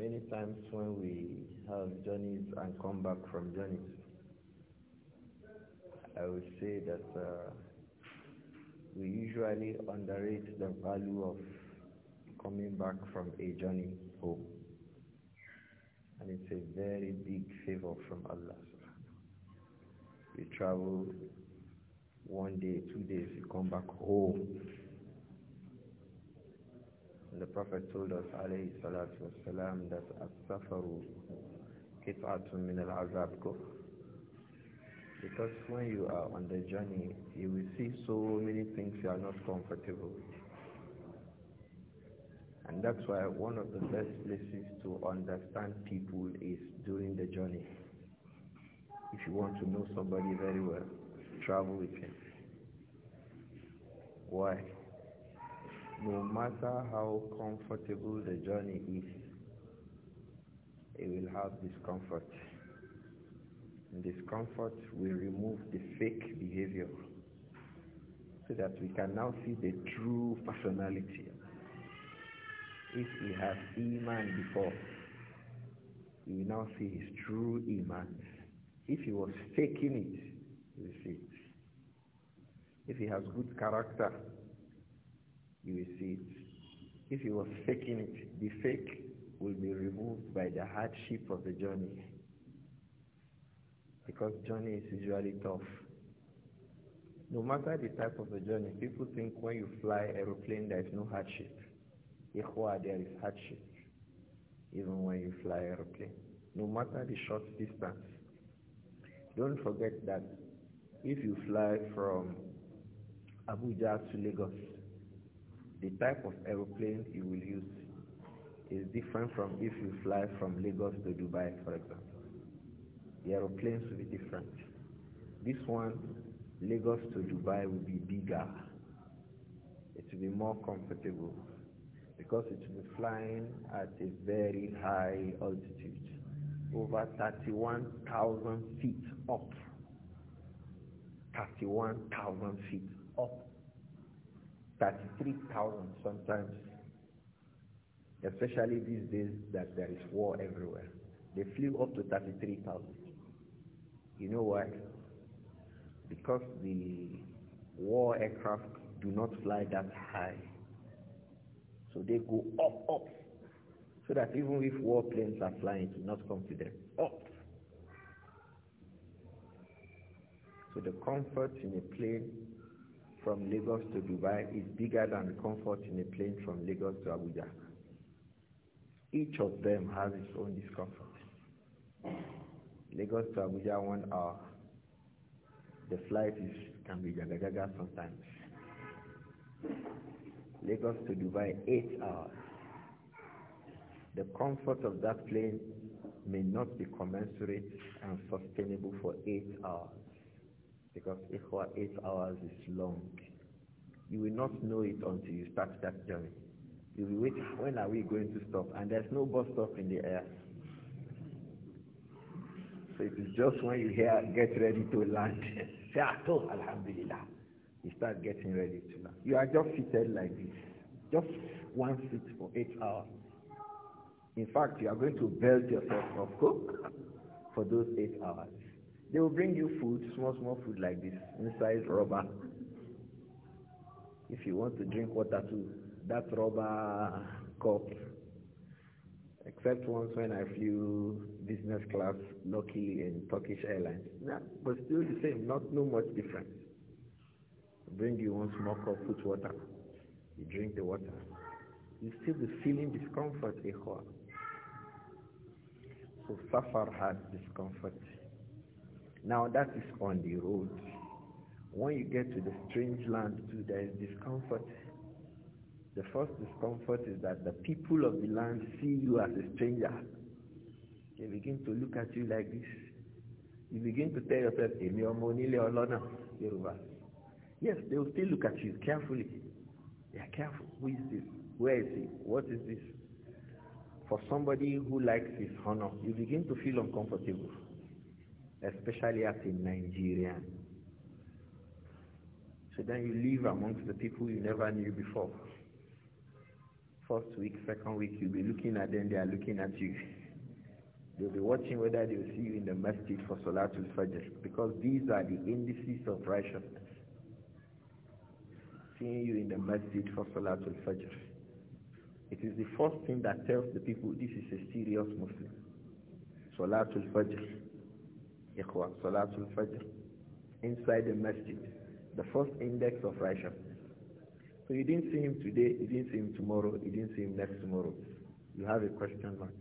many times when we have journeys and come back from journeys, I would say that uh, we usually underrate the value of coming back from a journey home. And it's a very big favor from Allah. You travel one day, two days, you come back home the Prophet told us, alayhi salatu wasalam, that as-safaru kit'atun min al-azab Because when you are on the journey, you will see so many things you are not comfortable with. And that's why one of the best places to understand people is during the journey. If you want to know somebody very well, travel with him. Why? no matter how comfortable the journey is, it will have discomfort. And discomfort will remove the fake behavior so that we can now see the true personality. If he has Iman before, we will now see his true Iman. If he was faking it, you see it. If he has good character, you will see it. If you were faking it, the fake will be removed by the hardship of the journey. Because journey is usually tough. No matter the type of the journey, people think when you fly aeroplane there is no hardship. Ikhwa, there is hardship, even when you fly aeroplane. No matter the short distance. Don't forget that if you fly from Abuja to Lagos, the type of aeroplane you will use is different from if you fly from Lagos to Dubai, for example. The aeroplanes will be different. This one, Lagos to Dubai, will be bigger. It will be more comfortable because it will be flying at a very high altitude, over 31,000 feet up. 31,000 feet up 33,000 sometimes, especially these days that there is war everywhere. They flew up to 33,000. You know why? Because the war aircraft do not fly that high. So they go up, up. So that even if war planes are flying, it will not come to them. Up. So the comfort in a plane from Lagos to Dubai is bigger than the comfort in a plane from Lagos to Abuja. Each of them has its own discomfort. Lagos to Abuja one hour. The flight is, can be gaga sometimes. Lagos to Dubai eight hours. The comfort of that plane may not be commensurate and sustainable for eight hours. Because ikhwa, eight hours is long. You will not know it until you start that journey. You will wait, when are we going to stop? And there's no bus stop in the air. So it is just when you hear, get ready to land. Say, ah, Alhamdulillah. You start getting ready to land. You are just seated like this. Just one seat for eight hours. In fact, you are going to belt yourself of cook for those eight hours. They will bring you food, small, small food like this, inside rubber. If you want to drink water too, that rubber cup. Except once when I flew business class, lucky in Turkish Airlines. Yeah, but still the same, not no much difference. Bring you one small cup, put water. You drink the water. You still be feeling discomfort, Ikhwa. So Safar had discomfort. Now that is on the road. When you get to the strange land too, there is discomfort. The first discomfort is that the people of the land see you as a stranger. They begin to look at you like this. You begin to tell yourself, Èmi ọmọ ọlọ́nà, Yorùbá. Yes, they will still look at you carefully. They are careful. Who is this? Where is he? What is this? For somebody who likes his honor, you begin to feel uncomfortable especially as in Nigeria. So then you live amongst the people you never knew before. First week, second week, you'll be looking at them, they are looking at you. They'll be watching whether they'll see you in the masjid for Salatul Fajr because these are the indices of righteousness. Seeing you in the masjid for Salatul Fajr. It is the first thing that tells the people this is a serious Muslim. Salatul Fajr. Ikhwa, Salatul Fajr, inside the masjid, the first index of Raisha. So you didn't see him today, you didn't see him tomorrow, you didn't see him next tomorrow. You have a question mark.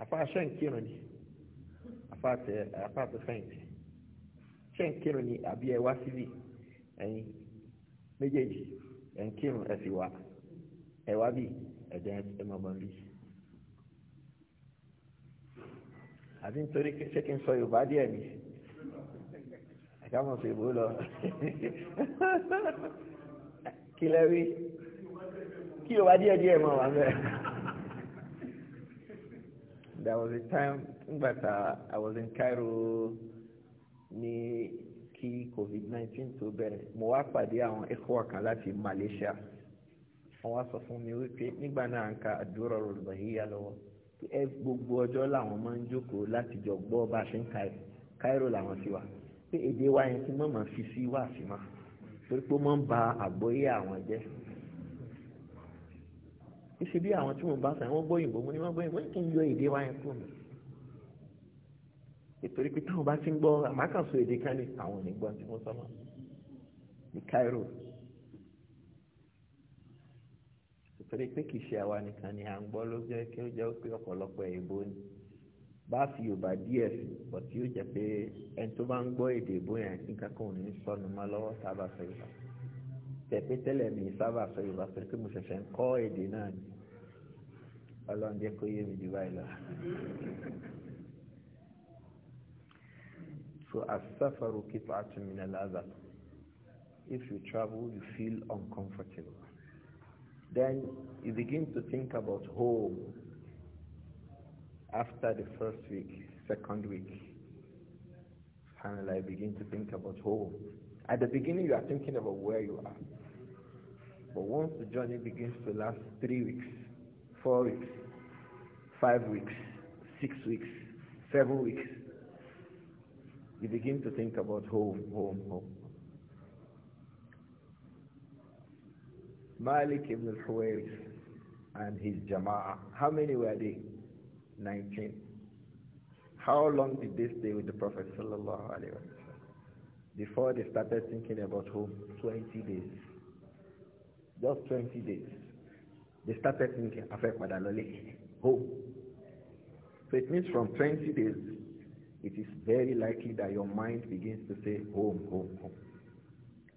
Afa Shen Kironi, Afa the Saint, Shen Kironi, Abia Wasivi, and Mejeji, and Kirun Esiwa, Ewabi, and then Emabambi. àti nítorí ṣé kí n sọ yorùbá díẹ̀ ni ẹ̀ka mọ̀ sí ìbò lọ kí lẹ rí kí there was a time ngbàtà I was in Cairo ní ki COVID-19 tó bẹ̀rẹ̀ mo wá pàdé àwọn ẹ̀kọ́ kan láti Malaysia wọ́n wá sọ fún mi wípé nígbà náà ń ka àdúrà rògbòhíyà lọ́wọ́ ẹ gbogbo ọjọ́ làwọn máa ń jókòó láti jọ gbọ́ bá a ṣe ń ka káírò làwọn ti wà pé èdè wa yẹn kí mọ̀mọ́ fi sí wà sí ma torí pé ó máa ń ba àgbọ́yé àwọn jẹ́ ìṣe bí àwọn tí mo bá sàn wọ́n gbóyìnbó mo ní wọ́n gbóyìnbó kí n yọ èdè wa yẹn kúrò nítorí pé táwọn bá ti ń gbọ́ àmọ́ àkànṣe èdè kan ní àwọn ò ní gbọ́ tí mo sọ mọ́ ní káírò. torí pé kì í ṣe àwa nìkan ni à ń gbọ́ ló ni bá fi yorùbá díẹ̀ sí pọ̀ tí ó jẹ́ pé ẹni tó bá ń gbọ́ èdè èèbó yẹn nǹkan kan ò ní sọnù mọ́ lọ́wọ́ sábà sọ yorùbá tẹ̀pẹ́ tẹ́lẹ̀ mi sábà sọ yorùbá so as laza if you travel you feel uncomfortable. Then you begin to think about home after the first week, second week. Finally, I begin to think about home. At the beginning, you are thinking about where you are. But once the journey begins to last three weeks, four weeks, five weeks, six weeks, seven weeks, you begin to think about home, home, home. Malik ibn al-Huwais and his Jama'ah. How many were they? 19. How long did they stay with the Prophet sallallahu alaihi wasallam? Before they started thinking about home, 20 days. Just 20 days. They started thinking, Afek home. So it means from 20 days, it is very likely that your mind begins to say, home, home, home.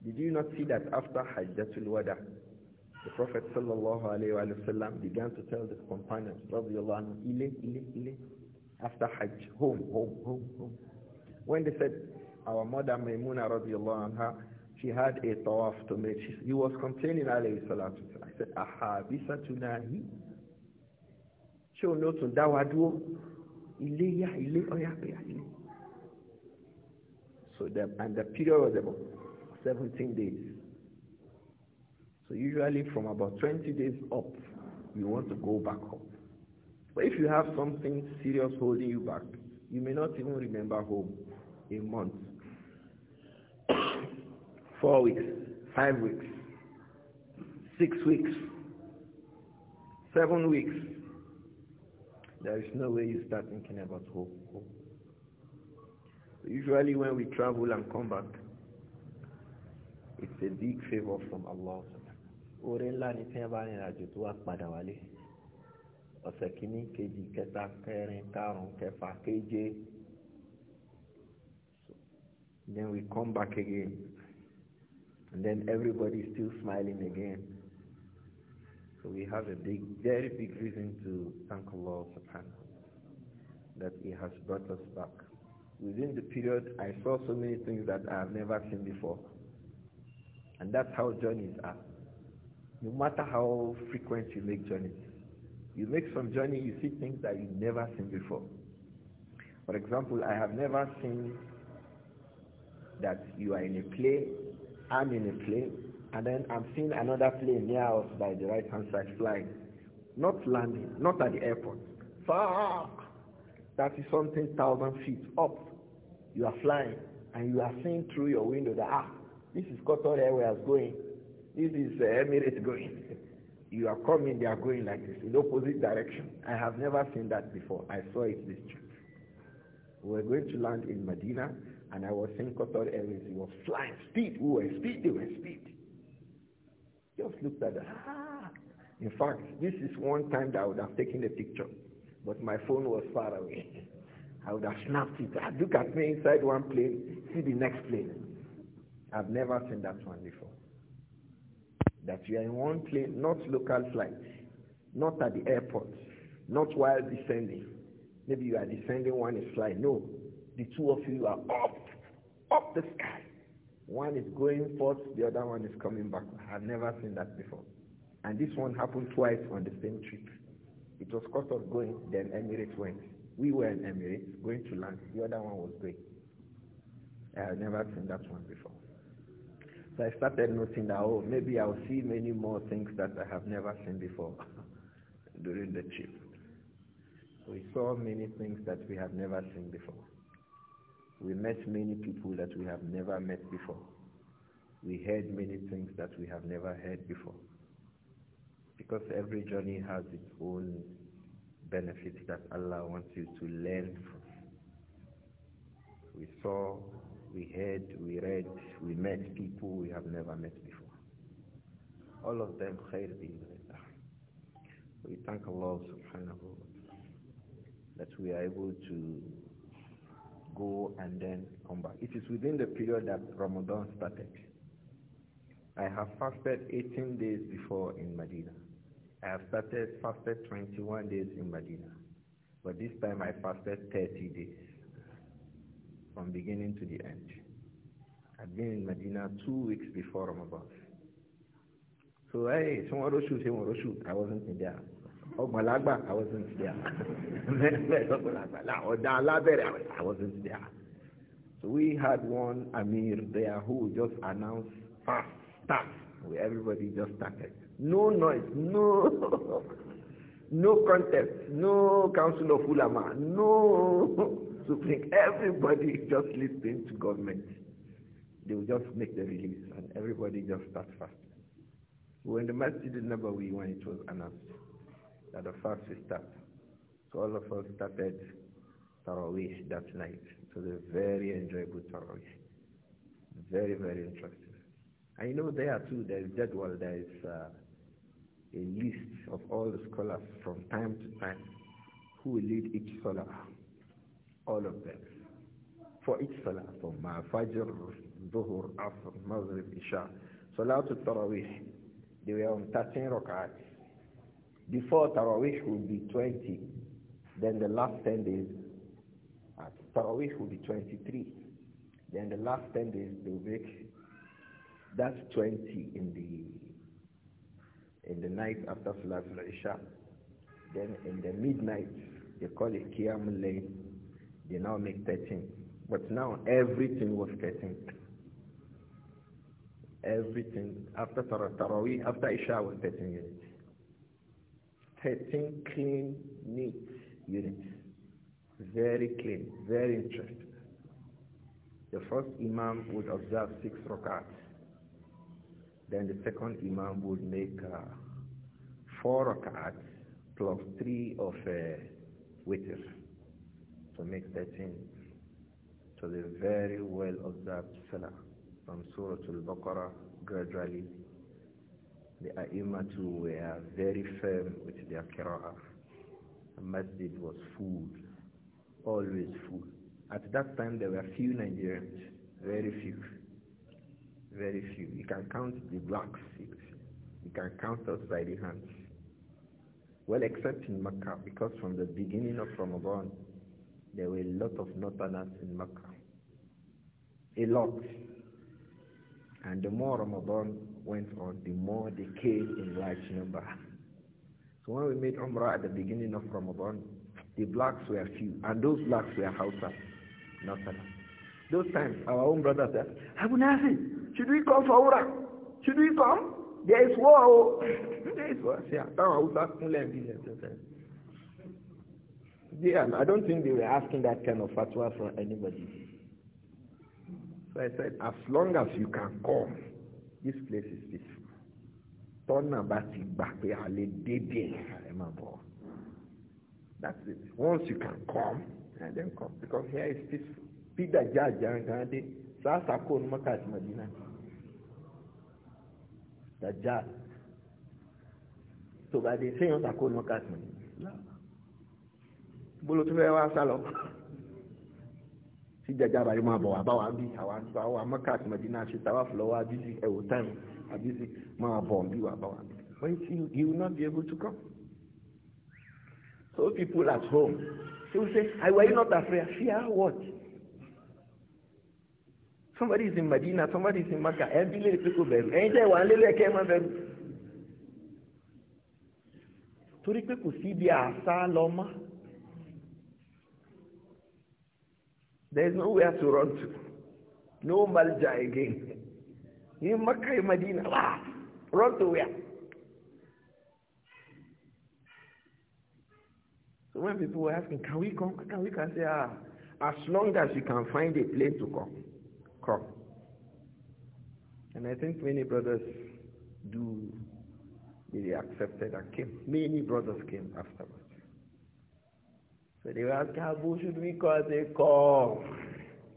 Did you not see that after Hajjatul Wada, the Prophet وسلم, began to tell the companions, ilim, ilim, after Hajj, home, home, home, home. When they said, our mother Maimuna anha, she had a tawaf to make. She, he was complaining, alayhi salatu I said, aha, bisa tunahi. Show will to dawadu, ileya, ile, oya, ile. So the, and the period was about 17 days. So usually from about 20 days up, you want to go back up. But if you have something serious holding you back, you may not even remember home a month, four weeks, five weeks, six weeks, seven weeks. There is no way you start thinking about home. Usually when we travel and come back, it's a big favor from Allah orí ńlá ni tí bá rìnrìn àjò tó wá padà wálé ọ̀sẹ̀ kìíní kejì kẹta kẹrin karùn kẹfà keje then we come back again and then everybody is still smiling again so we have a big very big reason to thank Allah subhanahu that he has brought us back within the period I saw so many things that I have never seen before and that's how journeys are no matter how frequent you make journeys. You make some journey, you see things that you've never seen before. For example, I have never seen that you are in a play, I'm in a play, and then I'm seeing another plane near us by the right hand side flying. Not landing, not at the airport. Far! That is something thousand feet up. You are flying and you are seeing through your window that, ah, this is Qatar Airways going. This is Emirates going. You are coming, they are going like this, in opposite direction. I have never seen that before. I saw it this trip. We were going to land in Medina, and I was in Qatar Airways. It was flying speed. We were speed, they were speed. Just looked at that. Ah. In fact, this is one time that I would have taken a picture, but my phone was far away. I would have snapped it. Ah, look at me inside one plane, see the next plane. I've never seen that one before that you are in one plane, not local flight, not at the airport, not while descending. Maybe you are descending, one is flying. No, the two of you are up, up the sky. One is going forth, the other one is coming back. I've never seen that before. And this one happened twice on the same trip. It was cost of going, then Emirates went. We were in Emirates going to land, the other one was going. I have never seen that one before. So I started noting that, oh, maybe I'll see many more things that I have never seen before during the trip. We saw many things that we have never seen before. We met many people that we have never met before. We heard many things that we have never heard before. Because every journey has its own benefits that Allah wants you to learn from. We saw we heard, we read, we met people we have never met before. All of them khair bi'idhnillah. We thank Allah subhanahu wa ta'ala that we are able to go and then come back. It is within the period that Ramadan started. I have fasted 18 days before in Medina. I have started fasted 21 days in Medina. But this time I fasted 30 days from beginning to the end. I'd been in Medina two weeks before Ramadan. So hey, someone will shoot, someone will shoot. I wasn't in there. Oh, Malagba, I wasn't there. I wasn't there. So we had one Amir there who just announced fast, start. Everybody just started. No noise, no, no contest, no council of ulama, no Supreme, everybody just listening to government. They will just make the release and everybody just start fasting. When the in the number we when it was announced that the fast will start. So all of us started Taraweeh that night. It was a very enjoyable Taraweeh. Very, very interesting. I know there too, there is Jadwal, there is uh, a list of all the scholars from time to time who will lead each scholar all of them. For each salah, from Fajr, Zuhur, Asr, Maghrib, Isha, salah to tarawih they were on 13 rak'ahs. Before Tarawih would be 20, then the last 10 days, at uh, Tarawih would be 23. Then the last 10 days, they will make that 20 in the, in the night after salah isha Then in the midnight, they call it Qiyam al you now make 13. But now everything was 13. Everything after Tarawih, after Isha was 13 units. 13 clean, neat units. Very clean, very interesting. The first Imam would observe six rakats. Then the second Imam would make uh, four rakats plus three of uh, witr to make 13 to the very well observed Salah from Surah Al-Baqarah gradually the Aima too were very firm with their Qira'ah the masjid was full always full at that time there were few Nigerians very few very few you can count the blacks you can count us by the hands well except in Makkah because from the beginning of Ramadan there were a lot of northerners in Makkah. A lot. And the more Ramadan went on, the more they came in large number. So when we made Umrah at the beginning of Ramadan, the blacks were few, and those blacks were Hausa, northerners. Those times, our own brother said, Abu Nafi, should we come for Umrah? Should we come? There is war. Oh. there is war. Yeah, yeah, I don't think they were asking that kind of fatwa from anybody. So I said, as long as you can come, this place is peaceful. That's it. Once you can come, and then come. Because here is this. Pídà já àjàǹkan dé. Sáàsà kò ní Mọ́kà bolo tó fẹ́ wá sálọ sí jẹjẹ àbáyé máa bọ̀ wá bá wa bí àwa ń sọ àwọn amọ́kà àti mẹ́dínà ṣe tàwa fúlọ́ wá bísí ẹ̀wò táìmù àbísí máa bọ̀ bí wà bá wa bí when you, you will not be able to come. So people at home, they will say, I were not afraid? Fear ah, what? Somebody is in Medina, somebody is in Makkah, every day people bẹ̀rù. Ẹyin jẹ́ ìwà ńlẹ́lẹ́ ẹ̀kẹ́ máa bẹ̀rù. Torí pé kò sí ibi àṣà lọ There is nowhere to run to. No malja again. In Makkah, in Medina, ah, run to where? So when people were asking, can we come? Can we can say, ah, as long as you can find a place to come, come. And I think many brothers do, they accepted and came. Many brothers came afterwards. So they were asking, Abu, should we call? I call.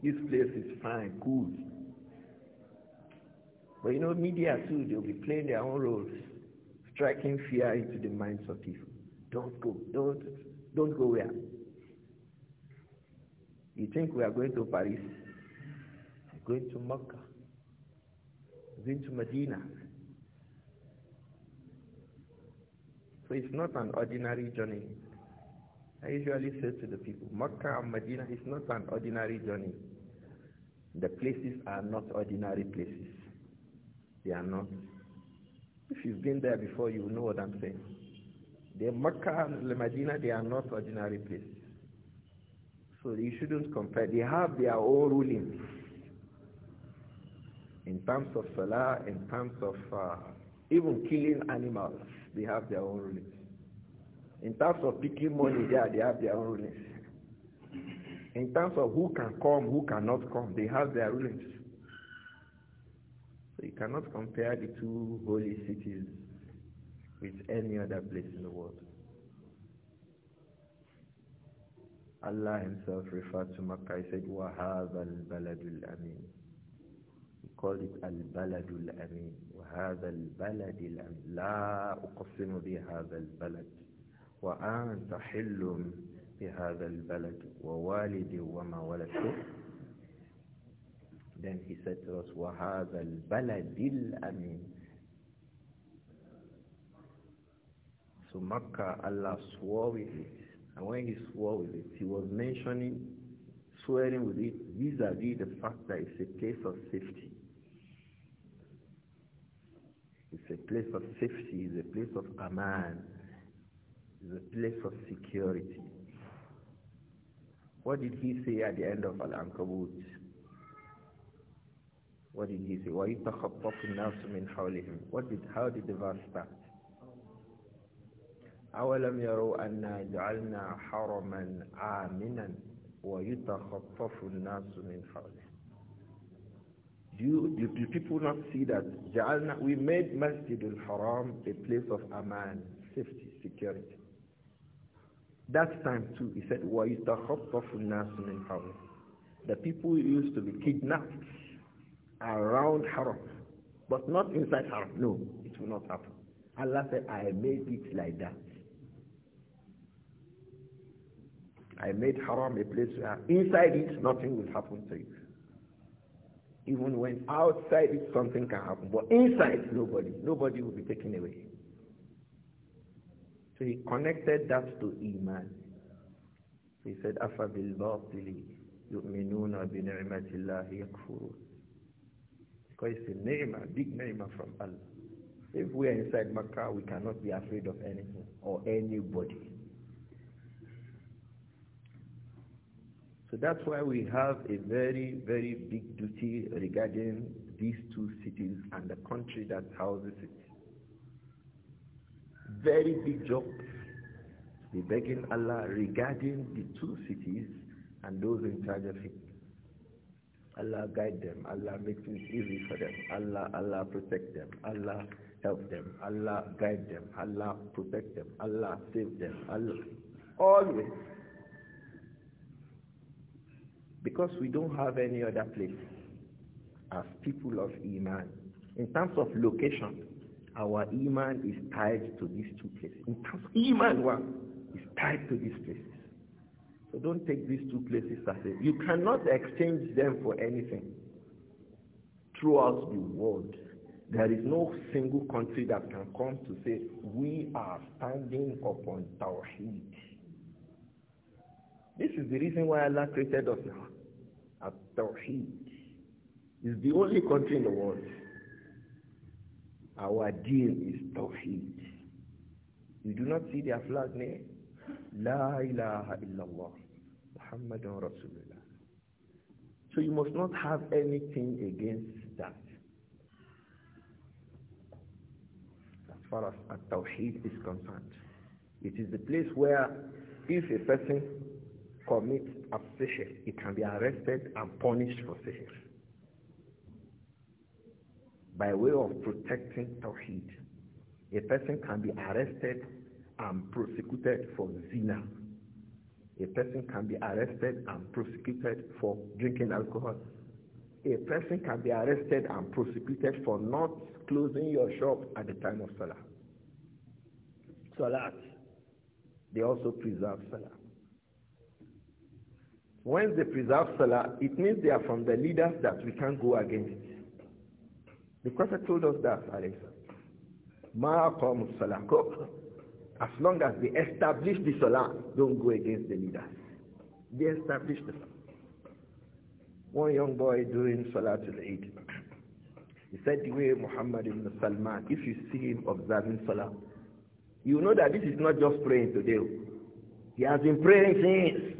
This place is fine, good. But you know, media too, they'll be playing their own roles, striking fear into the minds of people. Don't go, don't, don't go where. You think we are going to Paris? going to Mecca? going to Medina? So it's not an ordinary journey. I usually say to the people, Makkah and Medina is not an ordinary journey. The places are not ordinary places. They are not. If you've been there before, you know what I'm saying. The Makkah and the Medina, they are not ordinary places. So you shouldn't compare. They have their own rulings in terms of salah, in terms of uh, even killing animals. They have their own rulings. In terms of picking money they have their own rulings. In terms of who can come, who cannot come, they have their rulings. So you cannot compare the two holy cities with any other place in the world. Allah himself referred to Makkah, he said, al Baladul Amin." He called it al-Baladul وَهَذَا الْبَلَدِ الْأَمِينُ لَا أُقَسِّمُ بِهَذَا الْبَلَدِ وأنت حل بهذا البلد ووالد وما Then he said to us, وَهَذَا الْبَلَدِ الْأَمِينِ So Makkah, Allah swore with it. And when he swore with it, he was mentioning, swearing with it vis-a-vis -vis the fact that it's a place of safety. It's a place of safety, it's a place of aman, is a place of security. What did he say at the end of Al-Ankabut? What did he say? وَيُتَخَطَّفُ النَّاسُ مِنْ حَوْلِهِمْ What did, how did the verse start? أَوَلَمْ يَرَوْا أَنَّا جَعَلْنَا حَرَمًا آمِنًا وَيُتَخَطَّفُ النَّاسُ مِنْ حَوْلِهِمْ do, do, do people not see that we made Masjidul Haram a place of aman, safety, security? That time too, he said, وَيُتَخَطَّفُ النَّاسُ in حَرَمٍ The people used to be kidnapped around Haram, but not inside Haram. No, it will not happen. Allah said, I made it like that. I made Haram a place where inside it nothing will happen to you. Even when outside it something can happen, but inside nobody, nobody will be taken away. So he connected that to Iman. He said, أَفَبِالْبَاطِلِ يُؤْمِنُونَ بِنِعْمَةِ اللَّهِ يَكْفُرُونَ Because it's a ni'mah, big ni'mah from Allah. If we are inside Makkah, we cannot be afraid of anything or anybody. So that's why we have a very, very big duty regarding these two cities and the country that houses it very big job beg begging Allah regarding the two cities and those in charge of it. Allah guide them. Allah make things easy for them. Allah, Allah protect them. Allah help them. Allah guide them. Allah protect them. Allah save them. Allah always. Because we don't have any other place as people of Iman. In terms of location, our iman is tied to these two places. Iman one is tied to these places. So don't take these two places as a, you cannot exchange them for anything. Throughout the world, there is no single country that can come to say, we are standing upon Tawheed. This is the reason why Allah created us now. At Tawheed. It's the only country in the world our deal is Tawheed. You do not see their flag name? La ilaha illallah. Muhammadun Rasulullah. So you must not have anything against that. As far as at is concerned. It is the place where if a person commits a sihr, he can be arrested and punished for sihr by way of protecting Tawheed. A person can be arrested and prosecuted for zina. A person can be arrested and prosecuted for drinking alcohol. A person can be arrested and prosecuted for not closing your shop at the time of Salah. Salat, they also preserve Salah. Once they preserve Salah, it means they are from the leaders that we can't go against. The Prophet told us that, alayhi As long as they establish the salah, don't go against the leaders. They establish the salah. One young boy doing salah to the Eid. He said the way Muhammad ibn Salman, if you see him observing salah, you know that this is not just praying today. He has been praying since.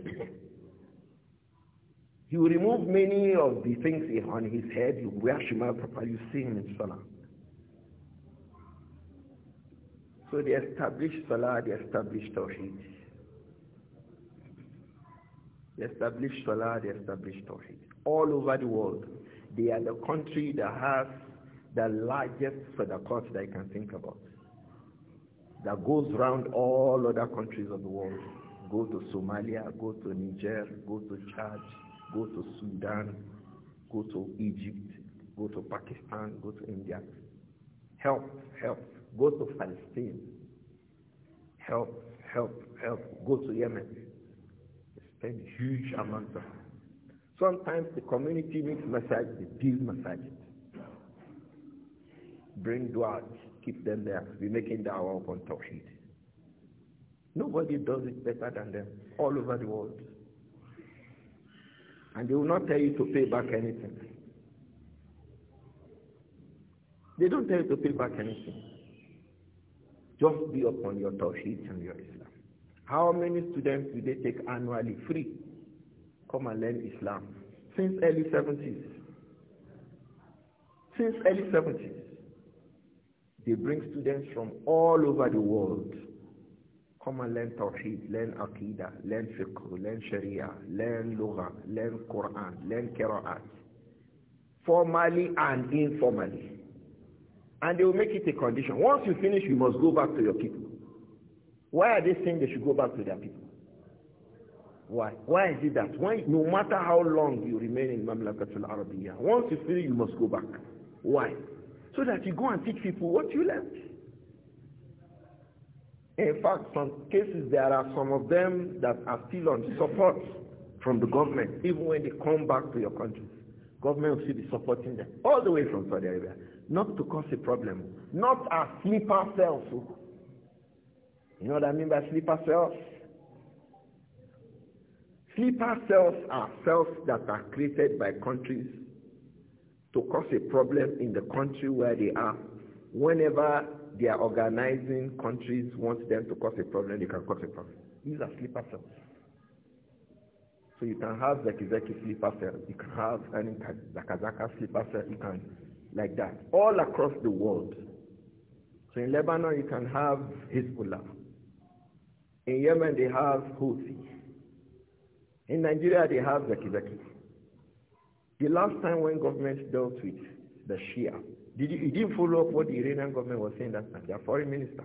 He will remove many of the things on his head. You wear shema properly, you sing in salah. So they established salah, they established tawheed. They established salah, they established tawheed. All over the world, they are the country that has the largest cult that I can think about. That goes round all other countries of the world. Go to Somalia, go to Niger, go to Chad, go to Sudan, go to Egypt, go to Pakistan, go to India. Help, help. Go to Palestine. Help, help, help. Go to Yemen. Spend huge amounts of money. Sometimes the community needs massage, they give massage. Bring du'as, keep them there. We're making da'wah upon Tawheed. Nobody does it better than them all over the world. And they will not tell you to pay back anything. They don't tell you to pay back anything. Just be upon your tawheed and your Islam. How many students do they take annually free? Come and learn Islam. Since early 70s. Since early 70s. They bring students from all over the world Come and learn Tawheed, learn Aqidah, learn Fiqh, learn Sharia, learn Lugha, learn Quran, learn Qira'at. Formally and informally. And they will make it a condition. Once you finish, you must go back to your people. Why are they saying they should go back to their people? Why? Why is it that? Why, no matter how long you remain in Mamlakatul Arabiya, once you finish, you must go back. Why? So that you go and teach people what you learned. In fact, some cases, there are some of them that are still on support from the government, even when they come back to your countries. Government will still be supporting them, all the way from Saudi Arabia, not to cause a problem, not as sleeper cells. You know what I mean by sleeper cells? Sleeper cells are cells that are created by countries to cause a problem in the country where they are whenever they are organizing countries want them to cause a problem, they can cause a problem. These are sleeper cells. So you can have Zakizaki sleeper cell, you can have any The Kazaka sleeper cell, you can, like that, all across the world. So in Lebanon, you can have Hezbollah. In Yemen, they have Houthi. In Nigeria, they have Zakizaki. The last time when government dealt with the Shia, did he, didn't follow up what the Iranian government was saying that time, their foreign minister.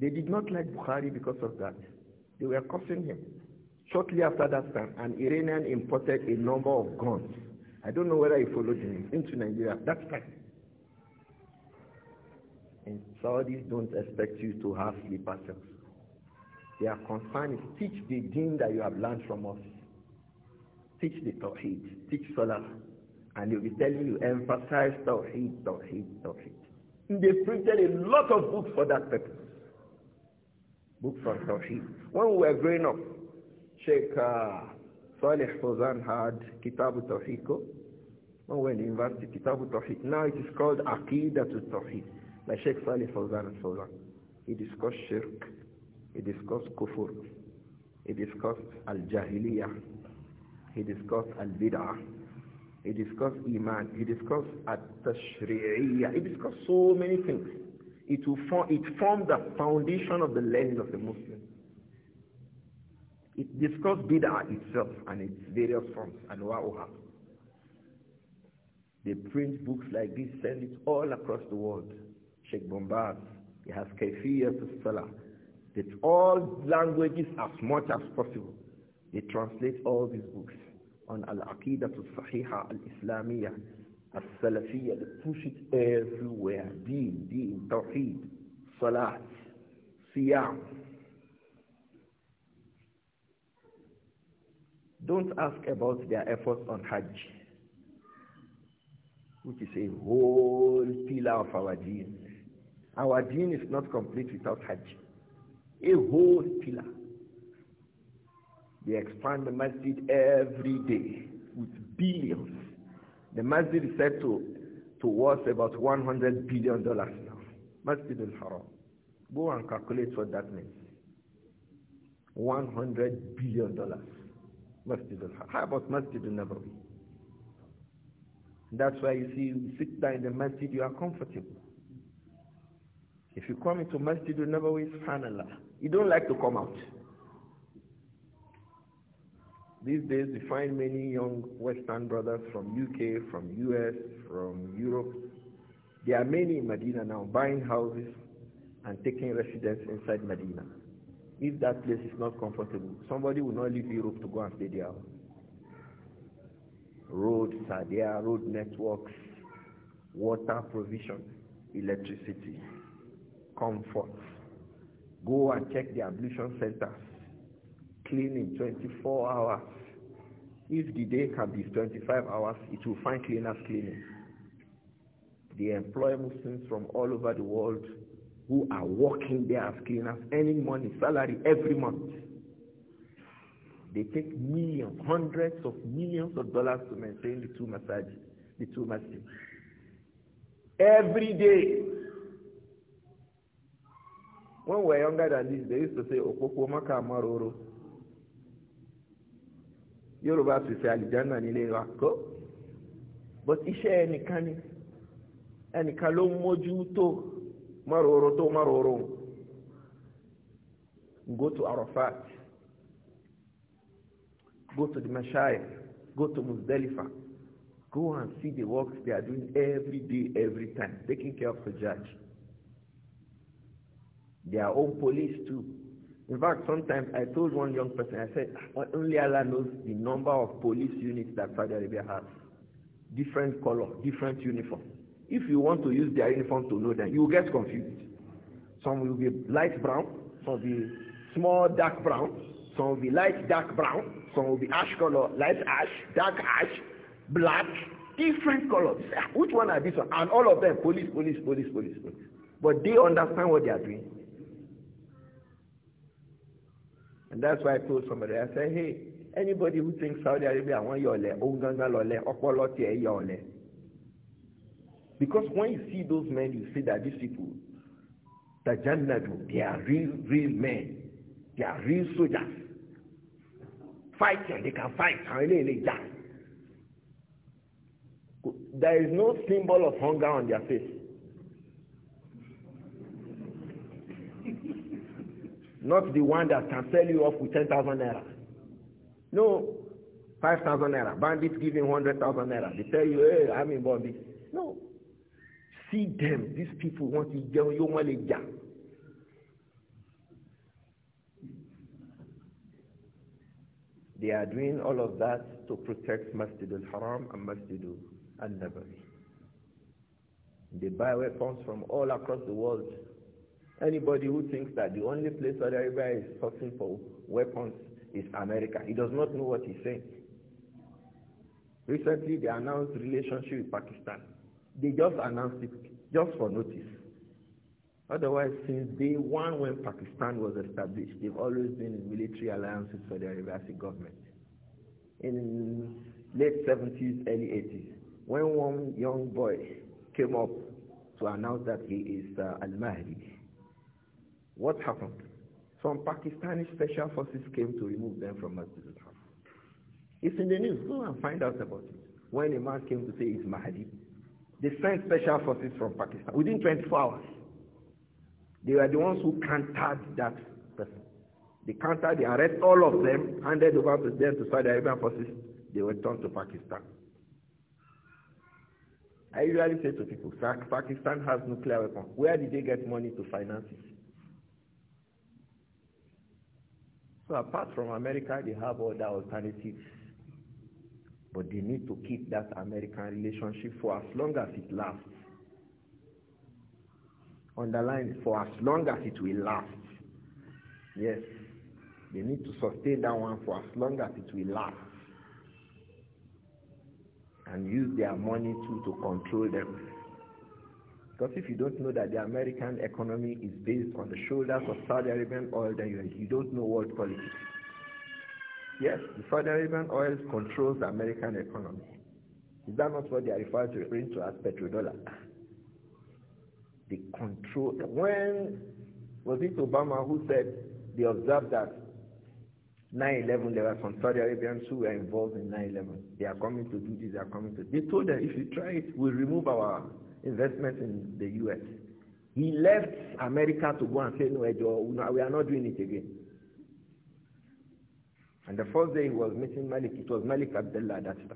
They did not like Bukhari because of that. They were cursing him. Shortly after that time, an Iranian imported a number of guns. I don't know whether he followed him into Nigeria. That's time. And Saudis don't expect you to have sleeper cells. Their concern is teach the deen that you have learned from us. Teach the Tawheed. Teach Salah and they'll be telling you, emphasize Tawheed, Tawheed, Tawheed. They printed a lot of books for that purpose. Books on Tawheed. When we were growing up, Sheikh uh, Saleh Fozan had Kitab al-Tawheed. When we were in the university, Kitab tawheed Now it is called Aqidah to tawheed by Sheikh Saleh Fozan al-Fozan. He discussed shirk. He discussed kufur. He discussed al-jahiliyah. He discussed al-bid'ah. He discussed Iman. He discussed At-Tashri'iyya. He discussed so many things. It, will form, it formed the foundation of the learning of the Muslim. It discussed Bid'ah itself and its various forms, and Anwa'uha. They print books like this, send it all across the world. Sheikh Bombas, he has Kayfiyat al-Salah. That all languages as much as possible. They translate all these books on Al-Aqidah Al-Sahiha Al-Islamiyah, Al-Salafiyah, they push it everywhere. Deen, Deen, Tawheed, Salat, Siyam. Don't ask about their efforts on Hajj, which is a whole pillar of our deen. Our deen is not complete without Hajj. A whole pillar. They expand the masjid every day with billions. The masjid is said to, to worth about $100 billion now. Masjid al-Haram. Go and calculate what that means. $100 billion. Masjid al-Haram. How about Masjid al-Nabawi? That's why you see, you sit down in the masjid, you are comfortable. If you come into Masjid al-Nabawi, subhanallah, you don't like to come out. These days we find many young Western brothers from UK, from US, from Europe. There are many in Medina now buying houses and taking residence inside Medina. If that place is not comfortable, somebody will not leave Europe to go and stay there. Roads are there, road networks, water provision, electricity, comfort. Go and check the ablution centers cleaning 24 hours. If the day can be 25 hours, it will find cleaners cleaning. They employ Muslims from all over the world who are working there as cleaners, earning money, salary every month. They take millions, hundreds of millions of dollars to maintain the two massages, the two masjids. Every day. When we were younger than this, they used to say, Okoko Maka Maroro yorùbá fèsì àlìjánà nílé wa kó but iṣẹ́ ẹnìkan ni ẹnìkan ló ń mójú tó márùrù tó márùrù go to arafat go to the mashayikh go to muzdalifa go and see the work they are doing every day every time taking care of the judge their own police too In fact, sometimes I told one young person, I said, ah, only Allah knows the number of police units that Saudi Arabia has. Different color, different uniform. If you want to use their uniform to know them, you will get confused. Some will be light brown, some will be small dark brown, some will be light dark brown, some will be ash color, light ash, dark ash, black, different colors. Ah, which one are these? And all of them, police, police, police, police, police. But they understand what they are doing. and that's why I told somebody I said hey anybody who thinks Saudi Arabia wọ́n yọ ọ̀lẹ òun gangan lọ̀lẹ ọpọlọ tiẹ̀ yọ because when you see those men you see that these people tajannadu they are real real men they are real soldiers fighting they can fight àwọn eléyìí lè jà there is no symbol of hunger on their face. Not the one that can sell you off with 10,000 naira. No, 5,000 naira. Bandits giving 100,000 naira. They tell you, hey, I'm in Bombay. No. See them. These people want to get you money. They are doing all of that to protect Masjid al-Haram and Masjid al-Nabawi. They buy weapons from all across the world Anybody who thinks that the only place Saudi Arabia is sourcing for weapons is America, he does not know what he's saying. Recently, they announced relationship with Pakistan. They just announced it just for notice. Otherwise, since day one when Pakistan was established, they've always been in military alliances for the Arabia's government. In late 70s, early 80s, when one young boy came up to announce that he is uh, Al-Mahdi, what happened? Some Pakistani special forces came to remove them from Masjid al It's in the news. Go and find out about it. When a man came to say he's Mahdi, they sent special forces from Pakistan within 24 hours. They were the ones who countered that person. They countered, they arrested all of them, handed over to them to Saudi Arabian forces. They returned to Pakistan. I usually say to people, Pakistan has nuclear weapons. Where did they get money to finance it? So apart from America, they have other alternatives. But they need to keep that American relationship for as long as it lasts. Underline, for as long as it will last. Yes, they need to sustain that one for as long as it will last. And use their money too to control them. Because if you don't know that the American economy is based on the shoulders of Saudi Arabian oil, then you don't know world politics. Yes, the Saudi Arabian oil controls the American economy. Is that not what they are referring to, referring to as petrodollar? They control. When was it Obama who said they observed that 9-11, there were some Saudi Arabians who were involved in 9-11. They are coming to do this, they are coming to... They told them, if you try it, we'll remove our investment in the U.S. He left America to go and say, no, Ejo, we are not doing it again. And the first day he was meeting Malik, it was Malik Abdullah that time.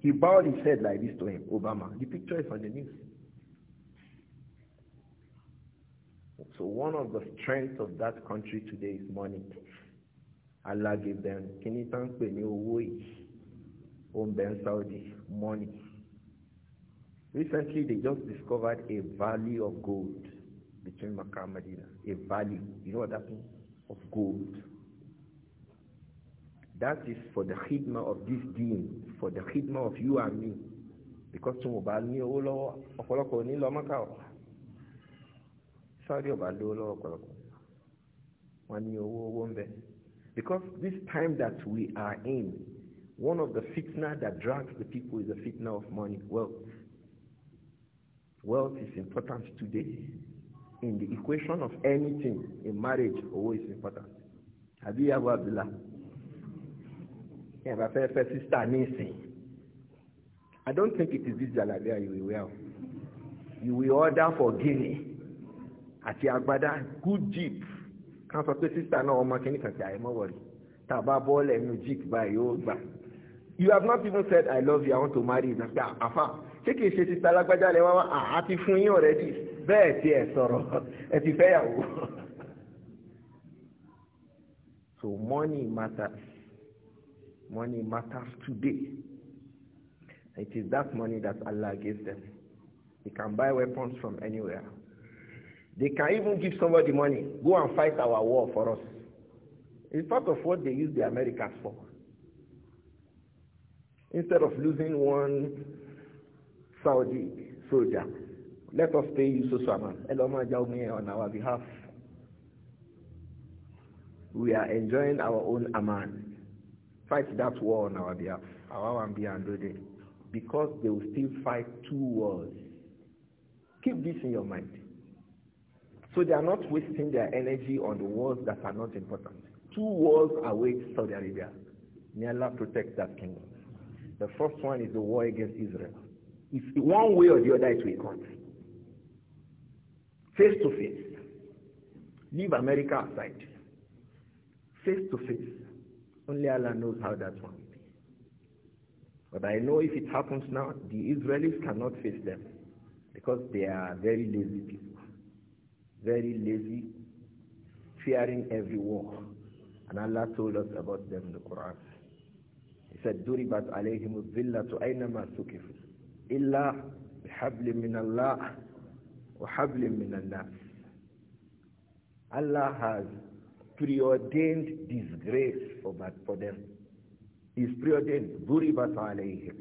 He bowed his head like this to him, Obama. The picture is on the news. So one of the strengths of that country today is money. Allah gave them, kí ni tán pè ó Saudi, money. Recently, they just discovered a valley of gold between Makkah and Medina. A valley, you know what that means? Of gold. That is for the khidmah of this deen, for the khidmah of you and me. Because tí mo bá ní owó lọ́wọ́, ọ̀pọ̀lọpọ̀ ò ní lọ Makkah Sorry about ọ̀bá Lord lọ́wọ́ ọ̀pọ̀lọpọ̀. Wọ́n ní owó owó Because this time that we are in, one of the fitna that drags the people is the fitna of money, Well. Wealth is important today. In the equation of anything in marriage, owó is important. Àbí Yabo Abdullah. Yàrá fẹ́ fẹ́ sísá ní ìsìn. I don't think it is this Jalabia you will wear. You will order for Guinea àti agbada, good jeep kan sọ pé sísá náà ọmọ kìíní kan ti àìmọ́ wọ̀rí. Tàbá bọ́ọ̀lù ẹnu jeep báyìí yóò gbà. You have not even said I love you, I want to marry you. Àfa ṣé kìí ṣe ti talágbájá lẹ wọn àá ti fún yín ọ̀rẹ́ dì bẹ́ẹ̀ tí ẹ sọ̀rọ̀ ẹ ti fẹ́ so money matters money matters today it is that money that Allah gives them they can buy weapons from anywhere they can even give somebody money go and fight our war for us it's part of what they use the Americans for instead of losing one Saudi soldier. Let us pay so Saman. Eloma Jaume on our behalf. We are enjoying our own Aman. Fight that war on our behalf. Our Wambi be Dode. Because they will still fight two wars. Keep this in your mind. So they are not wasting their energy on the wars that are not important. Two wars await Saudi Arabia. May Allah protect that kingdom. The first one is the war against Israel. It's one way or the other it will come. Face to face. Leave America aside. Face to face. Only Allah knows how that one will be. But I know if it happens now, the Israelis cannot face them because they are very lazy people. Very lazy, fearing every war. And Allah told us about them in the Quran. He said, دُرِبَتْ عَلَيْهِمُ الظِّلَّةُ أَيْنَمَا إلا بحبل من Allah وحبل من الناس Allah has preordained disgrace for, for them. Is preordained. ضُرِبَتْ عَلَيْهِمْ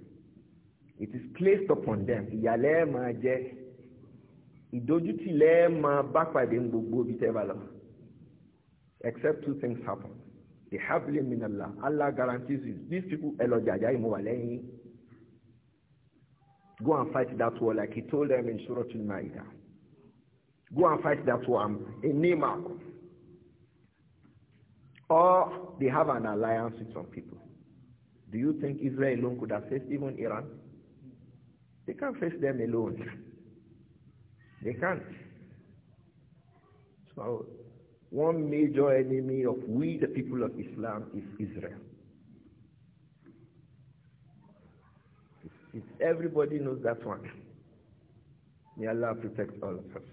It is placed upon them. Ìyàlẹ́ máa jẹ́. Ìdójútìlẹ́ máa bá pàdé gbogbo bí Except two things happen. The hablim min Allah. Allah guarantees you. These people ẹlọ́jà ajá ìmúwà lẹ́yìn. Go and fight that war like he told them in Surah Al-Ma'idah. Go and fight that war um, in Nimakum. Or they have an alliance with some people. Do you think Israel alone could have faced even Iran? They can't face them alone. They can't. So one major enemy of we, the people of Islam, is Israel. everybody knows that one. May Allah protect all of us.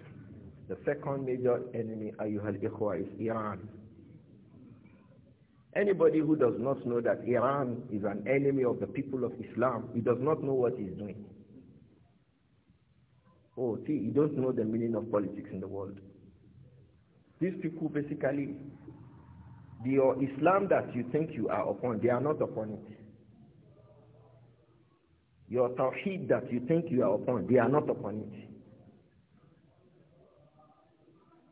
The second major enemy, Ayyuhal Ikhwa, is Iran. Anybody who does not know that Iran is an enemy of the people of Islam, he does not know what he's doing. Oh, see, you don't know the meaning of politics in the world. These people basically, the Islam that you think you are upon, they are not upon it. Your tawheed that you think you are upon, they are not upon it.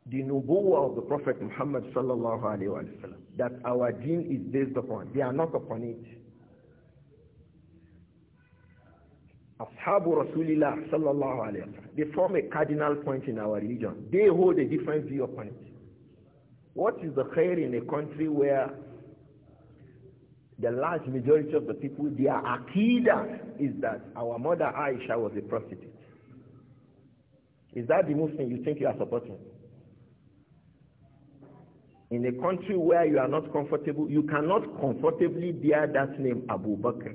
The nubuwa of the Prophet Muhammad sallallahu alayhi wa sallam, that our deen is based upon, they are not upon it. Ashabu Rasulillah sallallahu alayhi wa sallam, they form a cardinal point in our religion. They hold a different view upon it. What is the khair in a country where the large majority of the people, their aqidah is that our mother Aisha was a prostitute. Is that the movement you think you are supporting? In a country where you are not comfortable, you cannot comfortably bear that name Abu Bakr.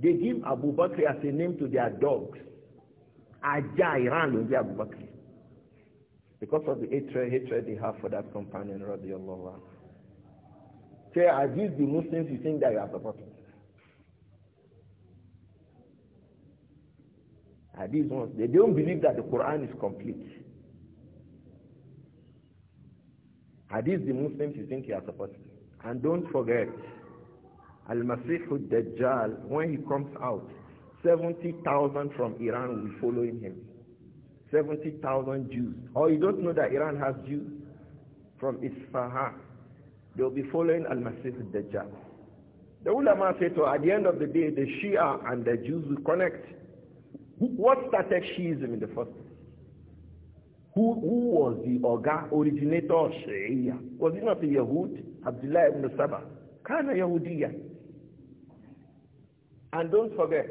They give Abu Bakr as a name to their dogs. Ajah Iran will be Abu Bakr. Because of the hatred, hatred they have for that companion, radiallahu anhu. Say, are these the Muslims you think that you are supporting? Are these ones? They don't believe that the Quran is complete. Are these the Muslims you think you are supporting? And don't forget, Al-Masih al-Dajjal, when he comes out, 70,000 from Iran will follow in him. 70,000 Jews. Or oh, you don't know that Iran has Jews from Isfahan. They'll be following Al-Masih al-Dajjal. The ulama say to at the end of the day, the Shia and the Jews will connect. What started Shiism in the first place? Who, who was the originator of Shia? Was it not the Yahud? Abdullah ibn Sabah. Kana Yahudiya. And don't forget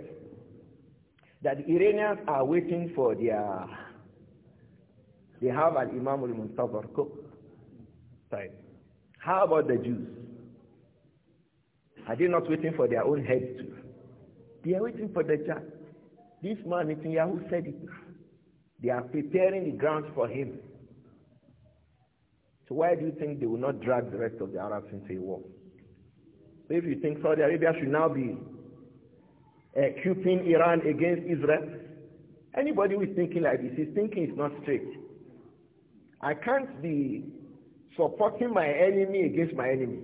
that the Iranians are waiting for their, they have an Imam al-Muntazar Cook how about the Jews? Are they not waiting for their own heads They are waiting for the judge. This man, Netanyahu, said it. They are preparing the ground for him. So why do you think they will not drag the rest of the Arabs into a war? If you think Saudi Arabia should now be equipping uh, Iran against Israel, anybody who is thinking like this is thinking it's not straight. I can't be supporting my enemy against my enemy.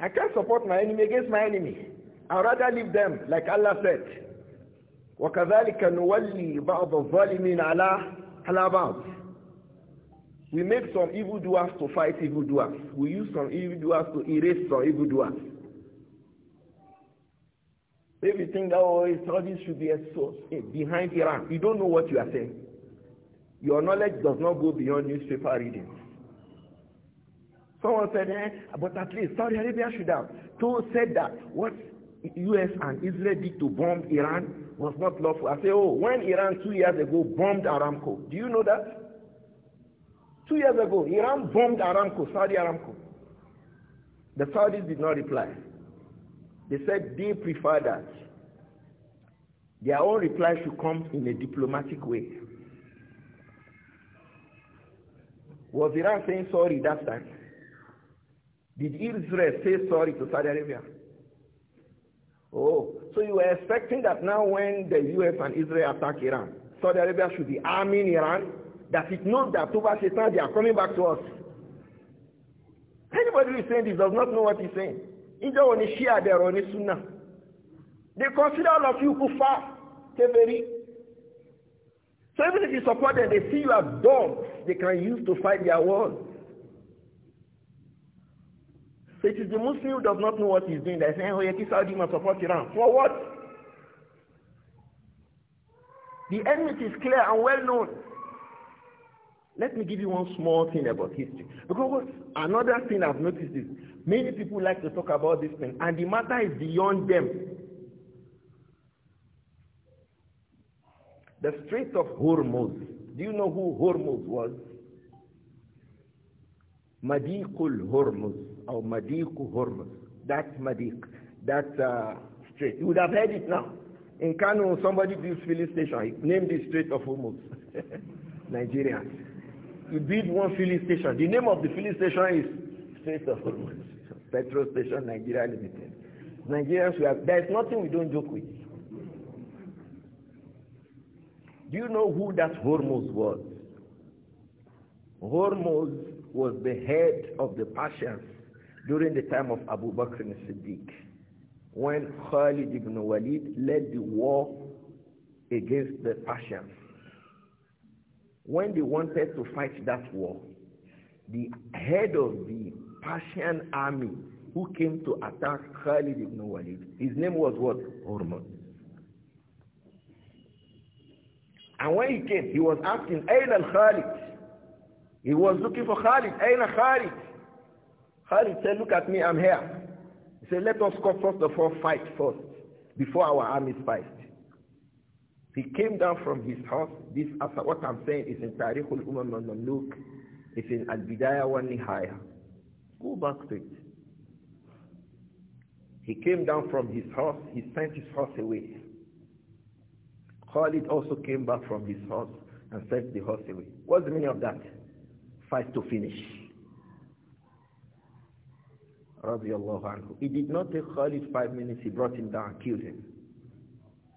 I can't support my enemy against my enemy. I'd rather leave them, like Allah said. وَكَذَلِكَ نُوَلِّي بَعْضَ الظَّالِمِينَ عَلَىٰ عَلَىٰ بَعْضٍ We make some evildoers to fight evildoers. We use some evildoers to erase some evildoers. doers. you think, oh, all this should be exposed eh, behind Iran, you don't know what you are saying. Your knowledge does not go beyond newspaper reading. Someone said, eh, but at least Saudi Arabia should have. Told said that what U.S. and Israel did to bomb Iran was not lawful. I say, oh, when Iran two years ago bombed Aramco, do you know that? Two years ago, Iran bombed Aramco, Saudi Aramco. The Saudis did not reply. They said they prefer that. Their own reply should come in a diplomatic way. Was Iran saying sorry that time? Did Israel say sorry to Saudi Arabia? Oh, so you were expecting that now when the U.S. and Israel attack Iran, Saudi Arabia should be arming Iran, that it knows that over Shaitan they are coming back to us. Anybody who is saying this does not know what he's saying. Either on a Shia, they're on a Sunnah. They consider all of you kuffar, keferi, So even if you support them, they see you have dogs they can use to fight their war. So it is the Muslim who does not know what he's doing. They say, oh, yeah, Saudi must support Iran. For what? The enmity is clear and well known. Let me give you one small thing about history. Because another thing I've noticed is many people like to talk about this thing, and the matter is beyond them. The Strait of Hormuz. Do you know who Hormuz was? Madiqul Hormuz or Madiqu Hormuz. That's Madiq. That uh, strait. You would have heard it now. In Kano, somebody built filling station. He named the Strait of Hormuz. Nigeria. You build one filling station. The name of the filling station is Strait of Hormuz. Petrol Station Nigeria Limited. Nigerians, we have, there is nothing we don't joke with. Do you know who that Hormuz was? Hormuz was the head of the Persians during the time of Abu Bakr as-Siddiq when Khalid ibn Walid led the war against the Persians. When they wanted to fight that war, the head of the Persian army who came to attack Khalid ibn Walid, his name was what? Hormuz. And when he came, he was asking, Ayn al-Khalid. He was looking for Khalid. Ayn al-Khalid. Khalid said, look at me, I'm here. He said, let us go first of all fight first, before our armies fight. He came down from his house. This, after what I'm saying, is in Tariq al-Umam al-Mamluk. It's in Al-Bidayah wa Nihaya. Go back to it. He came down from his house. He sent his horse away. Khalid also came back from his horse and sent the horse away. What's the meaning of that? Fight to finish. Radiallahu anhu. It did not take Khalid five minutes, he brought him down, killed him.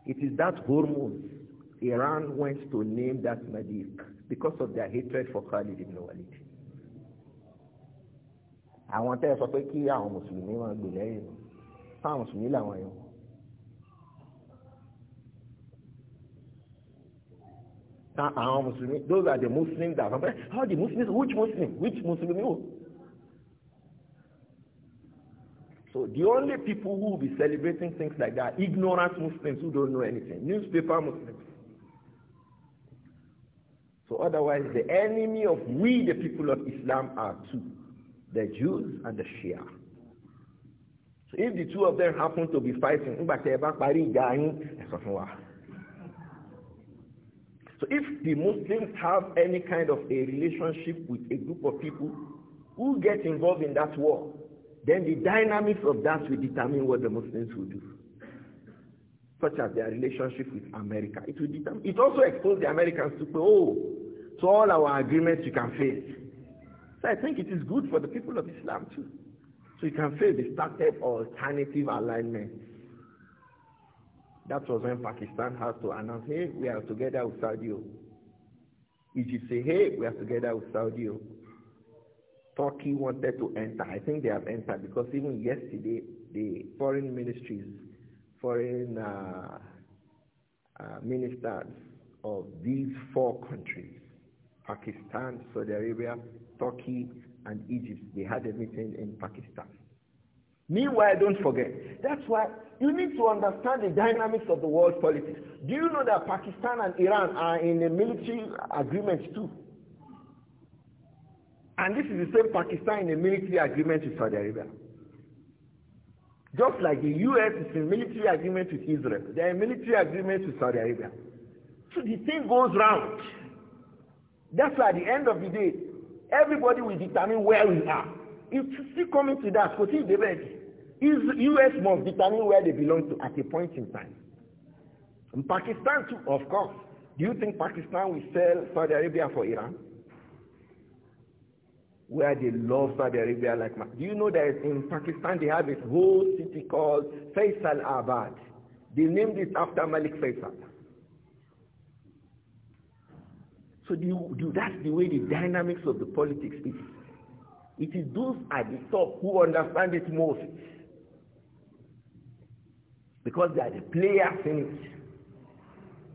It is that hormone Iran went to name that Madik because of their hatred for Khalid ibn Walid. I àwọn tẹ́ ẹ sọ pé kí àwọn mùsùlùmí máa gbè lẹ́yìn táwọn mùsùlùmí làwọn yẹn àwọn mùsùlùmí those are the muslims that are how the muslims which muslim which muslim you so the only people who will be celebrating things like that ignorant muslims who don't know anything newspaper muslims so otherwise the enemy of we the people of islam are two the jews and the shia so if the two of them happen to be fighting so if the Muslims have any kind of a relationship with a group of people who get involved in that war, then the dynamics of that will determine what the Muslims will do. Such as their relationship with America. It will determine. It also exposes the Americans to, oh, so all our agreements you can fail. So I think it is good for the people of Islam too. So you can fail the startup alternative alignment that was when Pakistan had to announce, hey, we are together with Saudi. Egypt say, hey, we are together with Saudi. Turkey wanted to enter. I think they have entered because even yesterday, the foreign ministries, foreign uh, uh, ministers of these four countries, Pakistan, Saudi Arabia, Turkey, and Egypt, they had a meeting in Pakistan. Meanwhile, don't forget. That's why you need to understand the dynamics of the world politics. Do you know that Pakistan and Iran are in a military agreement too? And this is the same Pakistan in a military agreement with Saudi Arabia. Just like the U.S. is in military agreement with Israel, they are in military agreement with Saudi Arabia. So the thing goes round. That's why at the end of the day, everybody will determine where we are. It's still coming to that. Kò tí ì débẹ̀ is US must determine where they belong to at a point in time. And Pakistan too, of course. Do you think Pakistan will sell Saudi Arabia for Iran? Where they love Saudi Arabia like mad. Do you know that in Pakistan they have a whole city called Faisal Abad? They named it after Malik Faisal. So do you, do, that's the way the dynamics of the politics is. It is those at the top who understand it most. Because they are the players in it.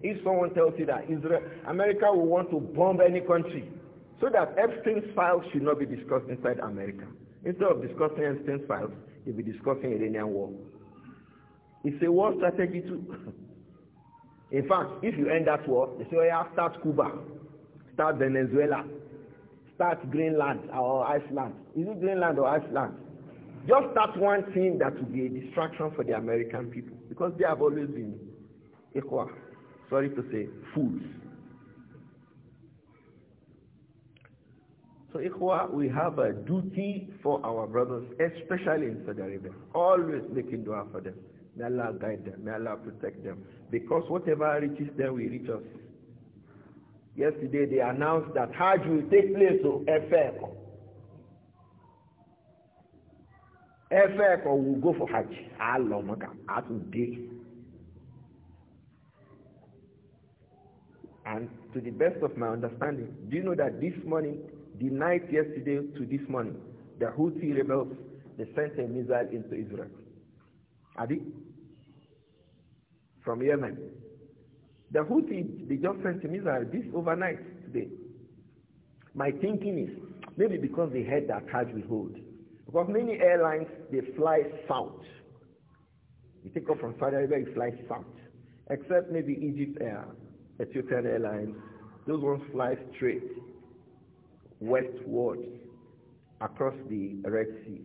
If someone tells you that Israel, America will want to bomb any country, so that Epstein's files should not be discussed inside America. Instead of discussing Epstein's files, they'll be discussing Iranian war. It's a war strategy too. in fact, if you end that war, they say, oh yeah, start Cuba, start Venezuela, start Greenland or Iceland. Is it Greenland or Iceland? Just start one thing that will be a distraction for the American people because they have always been equal. Sorry to say, fools. So Ikhwa, we have a duty for our brothers, especially in Saudi Arabia. Always making dua for them. May Allah guide them. May Allah protect them. Because whatever reaches them will reach us. Yesterday they announced that Hajj will take place to Efeko. Efeko will go for Hajj. How Allah Maka, Atun And to the best of my understanding, do you know that this morning, the night yesterday to this morning, the Houthi rebels, they sent a missile into Israel. Adi? From Yemen. The Houthis, they just sent to Israel this overnight today. My thinking is, maybe because they heard that Hajj we hold. Because many airlines, they fly south. You take off from Saudi Arabia, you fly south. Except maybe Egypt Air, Ethiopian Airlines, those ones fly straight westwards across the Red Sea.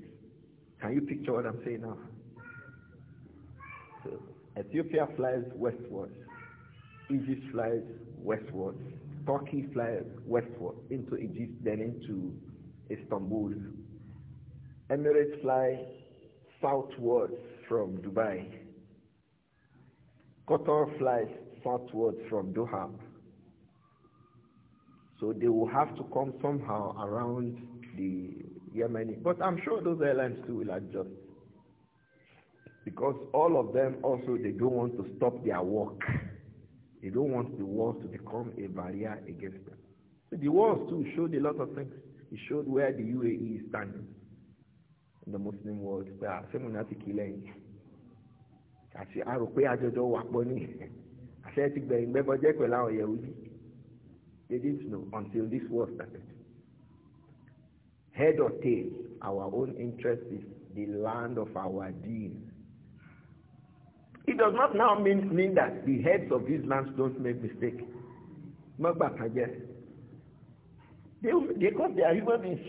Can you picture what I'm saying now? So Ethiopia flies westwards. Egypt flies westward, Turkey flies westward into Egypt, then into Istanbul. Emirates fly southwards from Dubai. Qatar flies southwards from Doha. So they will have to come somehow around the Yemeni. But I'm sure those airlines too will adjust. Because all of them also, they don't want to stop their work they don't want the walls to become a barrier against them. So the walls too showed a lot of things. It showed where the UAE is standing in the Muslim world. Pé àṣẹ Munafiki lẹ́yìn. Àti àrò pé àjọjọ wà pọ̀ ní. Àṣẹ ti gbẹ̀yìn gbẹ́bọjẹ́ pẹ̀lú àwọn Yahudi. They didn't know until this war started. Head or tail, our own interest is the land of our deeds. It does not now mean, mean that the heads of these lands don't make mistake. They, because they are human beings.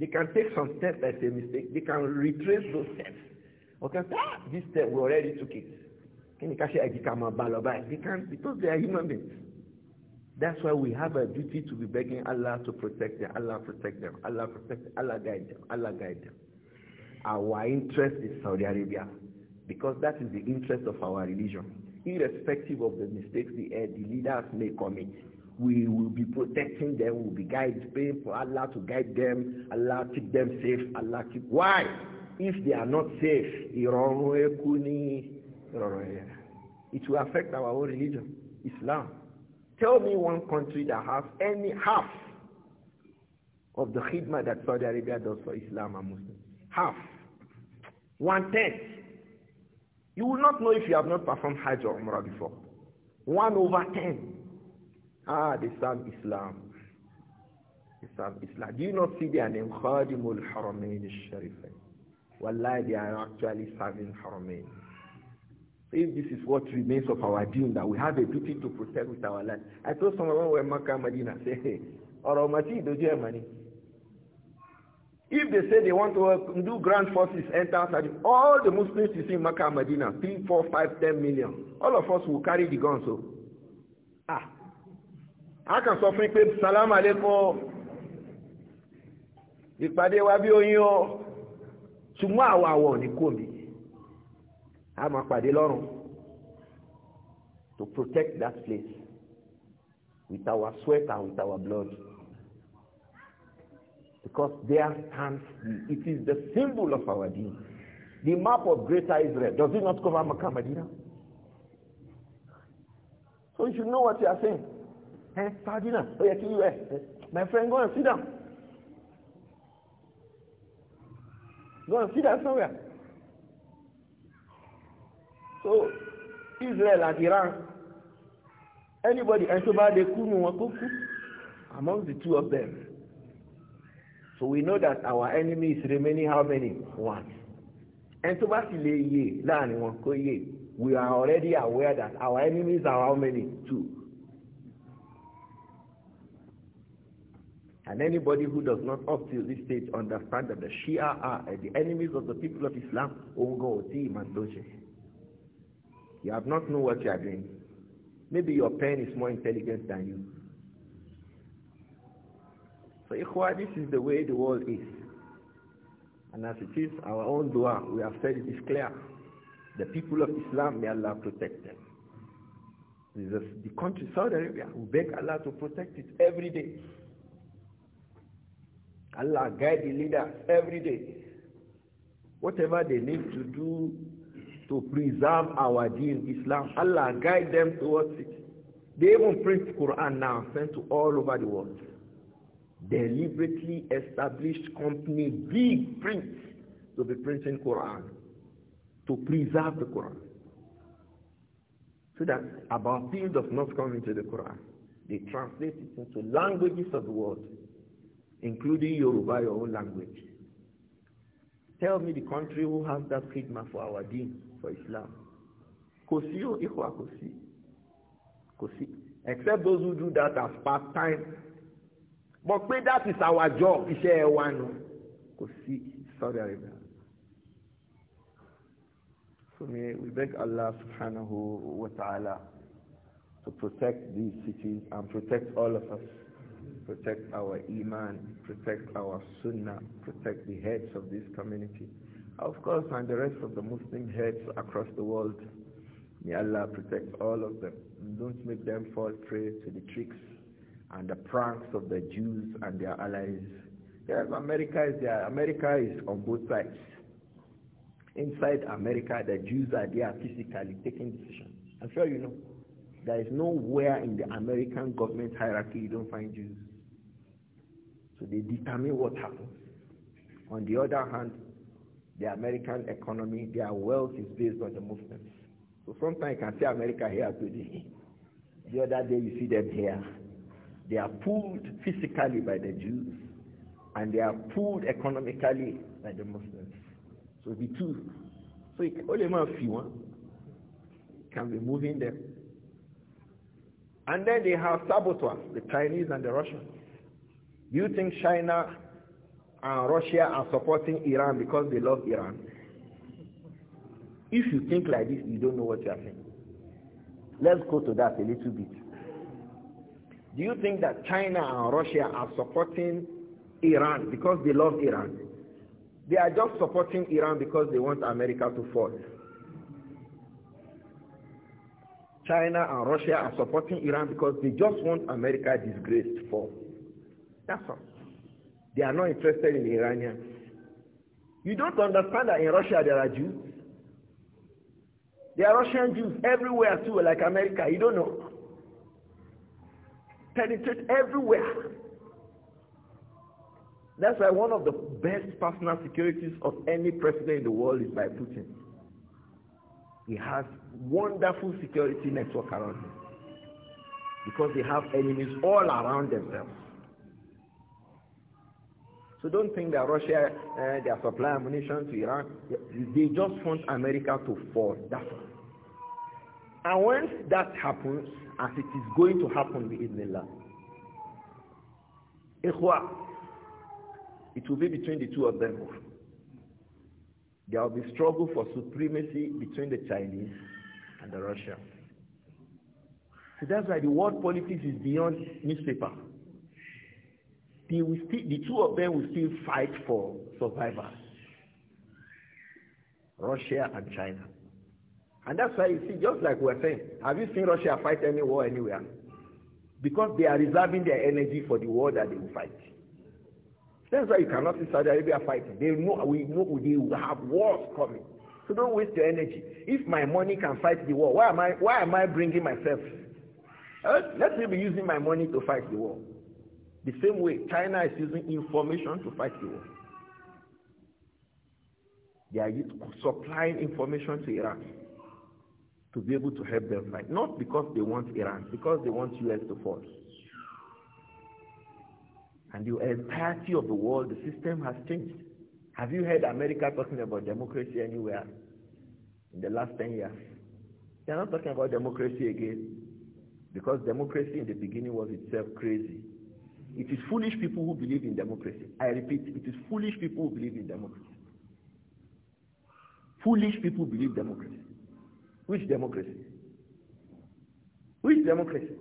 They can take some steps as a mistake. They can retrace those steps. Okay, ah, this step we already took it. They can because they are human beings. That's why we have a duty to be begging Allah to protect them, Allah protect them, Allah protect them, Allah guide them, Allah guide them. Our interest is Saudi Arabia. Because that is the interest of our religion. Irrespective of the mistakes the, uh, the leaders may commit, we will be protecting them, we'll be guiding, praying for Allah to guide them, Allah keep them safe, Allah keep... Why? If they are not safe, it will affect our own religion, Islam. Tell me one country that has any half of the khidmah that Saudi Arabia does for Islam and Muslims. Half. One tenth. You will not know if you have not performed Hajj or Umrah before. One over ten. Ah, the Sam Islam. Islam, Islam. Do you not see their name? Khadimul Haramain Sharifain. Wallahi, they are actually serving Haramain. If this is what remains of our deen, that we have a duty to protect with our land. I told someone when we Makkah, Medina, say, hey, or Omati, do you have money? If they say they want to uh, do grand forces enter Saudi, all the Muslims you see in Makkah, Medina, three, four, five, ten million, all of us will carry the guns. So, oh. ah, a kàn sọ fún salam aleikum ìpàdé wa bí oyin o oh. ṣùgbọ́n àwọn àwọ̀ ní kòmí a máa pàdé lọ́rùn to protect that place with our sweat and with our blood. Because there stands he. It is the symbol of our deen. The map of Greater Israel, does it not cover Makkah, Medina? So you should know what you are saying. Eh, Sardina, oh yeah, you Eh, my friend, go and sit down. Go and sit down somewhere. So, Israel and Iran, anybody, and so they could among the two of them. so we know that our enemy is remaining how many one And to bá sì lè yè láàrin wọn kó we are already aware that our enemies are how many two and anybody who does not up till this stage understand that the Shia are eh, the enemies of the people of Islam òun Oti ò tí you have not know what you are doing maybe your pen is more intelligent than you So ikhwa, this is the way the world is. And as it is, our own dua, we have said it is clear. The people of Islam, may Allah protect them. The, the country, Saudi Arabia, we beg Allah to protect it every day. Allah guide the leaders every day. Whatever they need to do to preserve our deen, Islam, Allah guide them towards it. They even print Quran now, sent to all over the world deliberately established company, big print, to be printing Quran, to preserve the Quran. So that Abatil does not come into the Quran. They translate it into languages of the world, including Yoruba, your own language. Tell me the country who has that khidmah for our deen, for Islam. Kosi or Ikhwa Kosi. Kosi. Except those who do that as part-time but pé that is our job iṣẹ́ ẹ wá nu kò sí Saudi Arabia. So may we beg Allah subhanahu wa ta'ala to protect these cities and protect all of us. Protect our iman, protect our sunnah, protect the heads of this community. Of course, and the rest of the Muslim heads across the world. May Allah protect all of them. Don't make them fall prey to the tricks and the pranks of the Jews and their allies. Yes, America is there. America is on both sides. Inside America, the Jews are there physically taking decisions. I'm sure you know. There is nowhere in the American government hierarchy you don't find Jews. So they determine what happens. On the other hand, the American economy, their wealth is based on the Muslims. So sometimes you can see America here today. The other day you see them here. They are pulled physically by the Jews and they are pulled economically by the Muslims. So the two. So only a few one can be moving them. And then they have saboteurs, the Chinese and the Russians. You think China and Russia are supporting Iran because they love Iran? If you think like this, you don't know what you are saying. Let's go to that a little bit. Do you think that China and Russia are supporting Iran because they love Iran? They are just supporting Iran because they want America to fall. China and Russia are supporting Iran because they just want America disgraced Fall. That's all. They are not interested in Iranians. You don't understand that in Russia there are Jews. There are Russian Jews everywhere too, like America. You don't know. penetrate everywhere. That's why one of the best personal securities of any president in the world is by Putin. He has wonderful security network around him because they have enemies all around themselves. So don't think that Russia, uh, they are supplying ammunition to Iran. They just want America to fall. That's all. And once that happens, as it is going to happen bi'idhnillah. Ikhwa, it will be between the two of them. There will be struggle for supremacy between the Chinese and the Russia. So that's why the world politics is beyond newspaper. They will still, the two of them will still fight for survival. Russia and China. And that's why you see, just like we're saying, have you seen Russia fight any war anywhere? Because they are reserving their energy for the war that they will fight. That's why you cannot see Saudi Arabia fighting. They know we know they will have wars coming. So don't waste your energy. If my money can fight the war, why am I why am I bringing myself? Eh, let me be using my money to fight the war. The same way China is using information to fight the war. They are supplying information to Iraq. to be able to help them fight. Not because they want Iran, because they want US to fall. And the entirety of the world, the system has changed. Have you heard America talking about democracy anywhere in the last 10 years? They're not talking about democracy again because democracy in the beginning was itself crazy. It is foolish people who believe in democracy. I repeat, it is foolish people who believe in democracy. Foolish people believe democracy. Which democracy? Which democracy?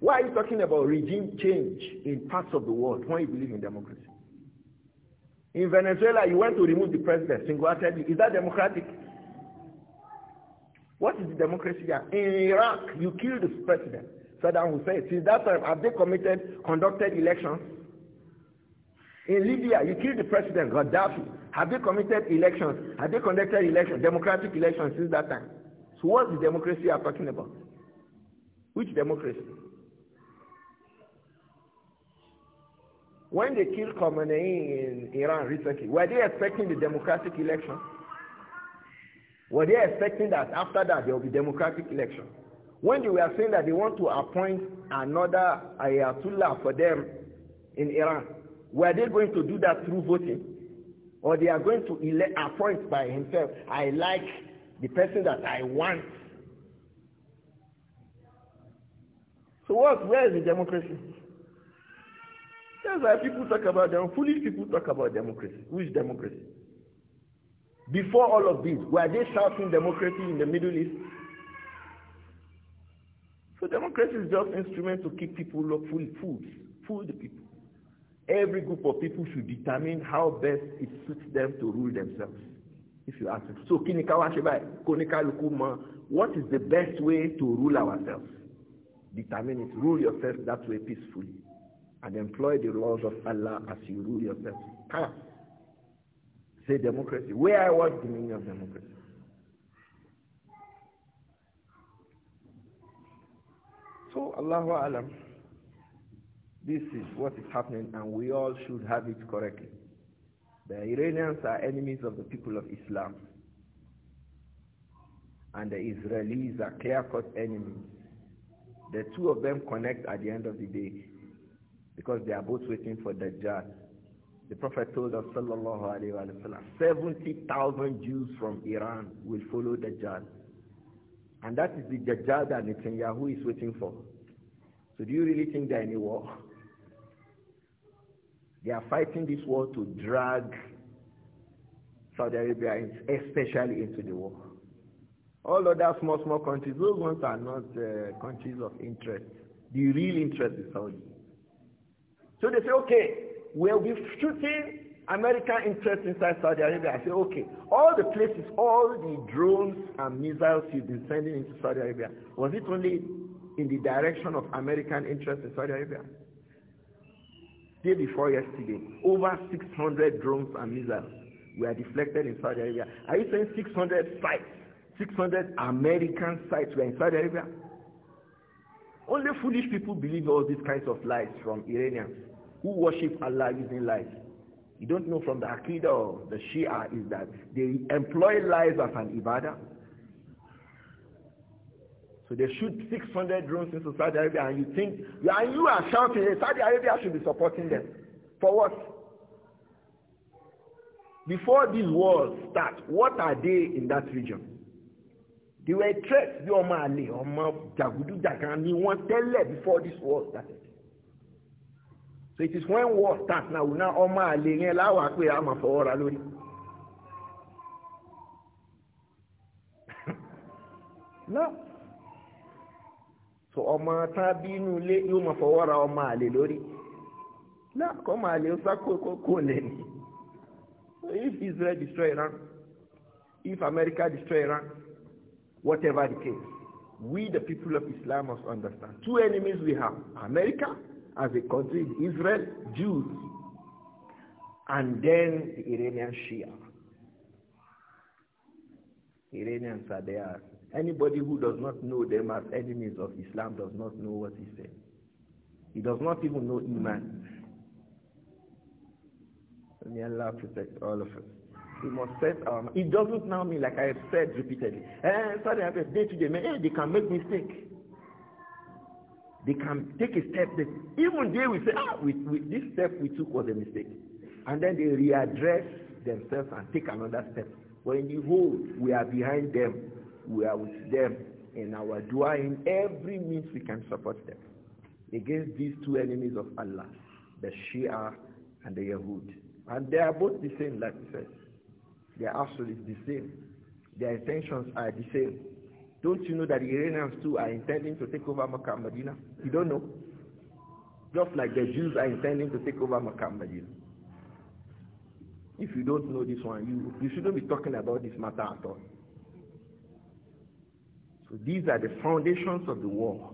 Why are you talking about regime change in parts of the world when you believe in democracy? In Venezuela, you went to remove the president single-handedly. Is that democratic? What is the democracy here? In Iraq, you killed the president, Saddam Hussein. Since that time, have they committed, conducted elections? In Libya, you killed the president, Gaddafi. Have they committed elections? Have they conducted elections, democratic elections since that time? So what's the democracy you are talking about? Which democracy? When they killed Khamenei in Iran recently, were they expecting the democratic election? Were they expecting that after that there will be democratic election? When they were saying that they want to appoint another Ayatollah for them in Iran, were they going to do that through voting? Or they are going to elect, appoint by himself, I like the person that I want. So what? Where is the democracy? That's why people talk about them. Foolish people talk about democracy. Who is democracy? Before all of this, were they shouting democracy in the Middle East? So democracy is just instrument to keep people full food, fool the people. Every group of people should determine how best it suits them to rule themselves. if you ask me. So kí ni ká lukuma. what is the best way to rule ourselves? Determine it. Rule yourself that way peacefully and employ the laws of Allah as you rule yourself. Come. Say democracy. Where I was the meaning of democracy. So Allahu Alam, this is what is happening and we all should have it correctly. The Iranians are enemies of the people of Islam. And the Israelis are clear-cut enemies. The two of them connect at the end of the day because they are both waiting for Dajjal. The Prophet told us, sallallahu alayhi wa sallam, 70,000 Jews from Iran will follow Dajjal. And that is the Dajjal that Netanyahu is waiting for. So do you really think they're in a war? They are fighting this war to drag Saudi Arabia, especially into the war. All other small, small countries, those ones are not uh, countries of interest. The real interest is Saudi. So they say, okay, we'll be shooting American interests inside Saudi Arabia. I say, okay, all the places, all the drones and missiles you've been sending into Saudi Arabia, was it only in the direction of American interests in Saudi Arabia? day before yesterday, over 600 drones and missiles were deflected in Saudi Arabia. Are you saying 600 sites, 600 American sites were in Saudi Arabia? Only foolish people believe all these kinds of lies from Iranians who worship Allah using lies. You don't know from the Aqidah or the Shia is that they employ lies as an ibadah. So they shoot 600 drones into Saudi Arabia and you think, and you are shouting, hey, Saudi Arabia should be supporting them. For what? Before these wars start, what are they in that region? They were threats bí ọmọ àlè ọmọ jàgùdùjàgà ni wọ́n tẹ́lẹ̀ before this war started. So it is when war starts now. wùnà ọmọ àlè yẹn láwà pé a máa fọwọ́ ra No. so ọmọ ilé yóò ọmọ àlè lórí if Israel destroy Iran if America destroy Iran whatever the case we the people of Islam must understand two enemies we have America as a country Israel Jews and then the Iranian Shia Iranians are there Anybody who does not know them as enemies of Islam does not know what he said. He does not even know Iman. May Allah protect all of us. We must set our um, It doesn't now mean, like I have said repeatedly, eh, sorry, I said day to day, eh, they can make mistake. They can take a step that even they will say, ah, we, we, this step we took was a mistake. And then they readdress themselves and take another step. But in the whole, we are behind them we are with them in our dua in every means we can support them against these two enemies of Allah, the Shia and the Yahud. And they are both the same, like we said. They are absolutely the same. Their intentions are the same. Don't you know that the Iranians too are intending to take over Makkah and Medina? You don't know? Just like the Jews are intending to take over Makkah and Medina. If you don't know this one, you, you shouldn't be talking about this matter at all. So these are the foundations of the war.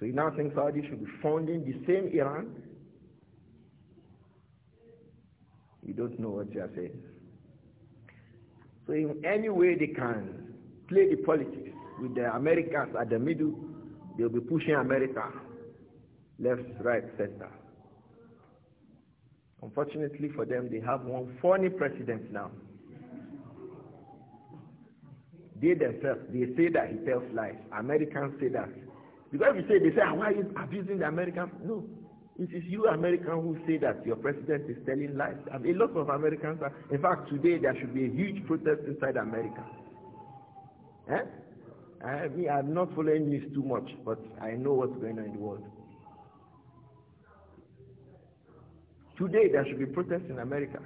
So he now thinks Saudi should be funding the same Iran. You don't know what you are saying. So in any way they can play the politics with the Americans at the middle, they'll be pushing America left, right, center. Unfortunately for them, they have one funny president now. They themselves, they say that he tells lies. Americans say that. Because if you say, they say, ah, why are you abusing the American? No. It is you American who say that your president is telling lies. I mean, a lot of Americans are, in fact, today there should be a huge protest inside America. Eh? I mean, I'm not following news too much, but I know what's going on in the world. Today there should be protests in America.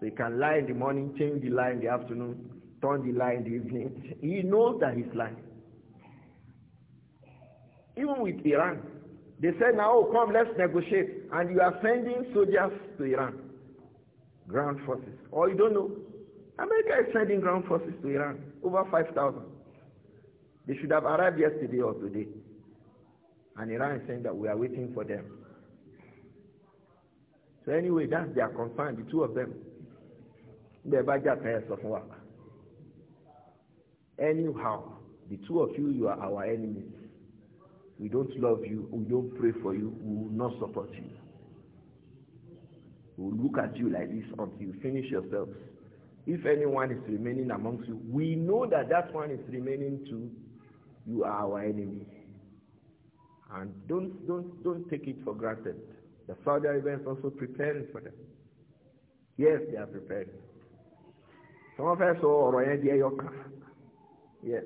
So he can lie in the morning, change the lie in the afternoon, turn the lie in the evening. He knows that he's lying. Even with Iran, they said, now, oh, come, let's negotiate. And you are sending soldiers to Iran, ground forces. Or you don't know. America is sending ground forces to Iran, over 5,000. They should have arrived yesterday or today. And Iran is saying that we are waiting for them. So anyway, that's their concern, the two of them. bẹ́ẹ̀ kan ẹ sọ fún wa anyhow the two of you you are our enemies we don't love you we don't pray for you we will not support you we will look at you like this until you finish yourselves if anyone is remaining amongst you we know that that one is remaining too you are our enemy and don't don't don't take it for granted the Saudi Arabians also preparing for them yes they are preparing some of us are already yẹn di yes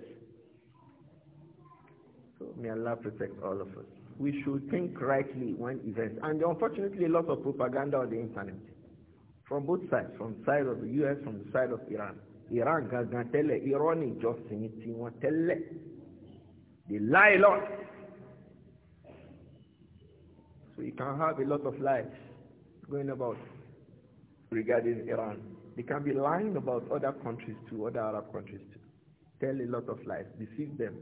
so may Allah protect all of us we should think rightly when events and unfortunately a lot of propaganda on the internet from both sides from the side of the US from the side of Iran Iran gangan tẹ́lẹ̀ Iran is just tí wọ́n tẹ́lẹ̀ they lie a lot so you can have a lot of lies going about regarding Iran. They can be lying about other countries to other Arab countries too. Tell a lot of lies, deceive them.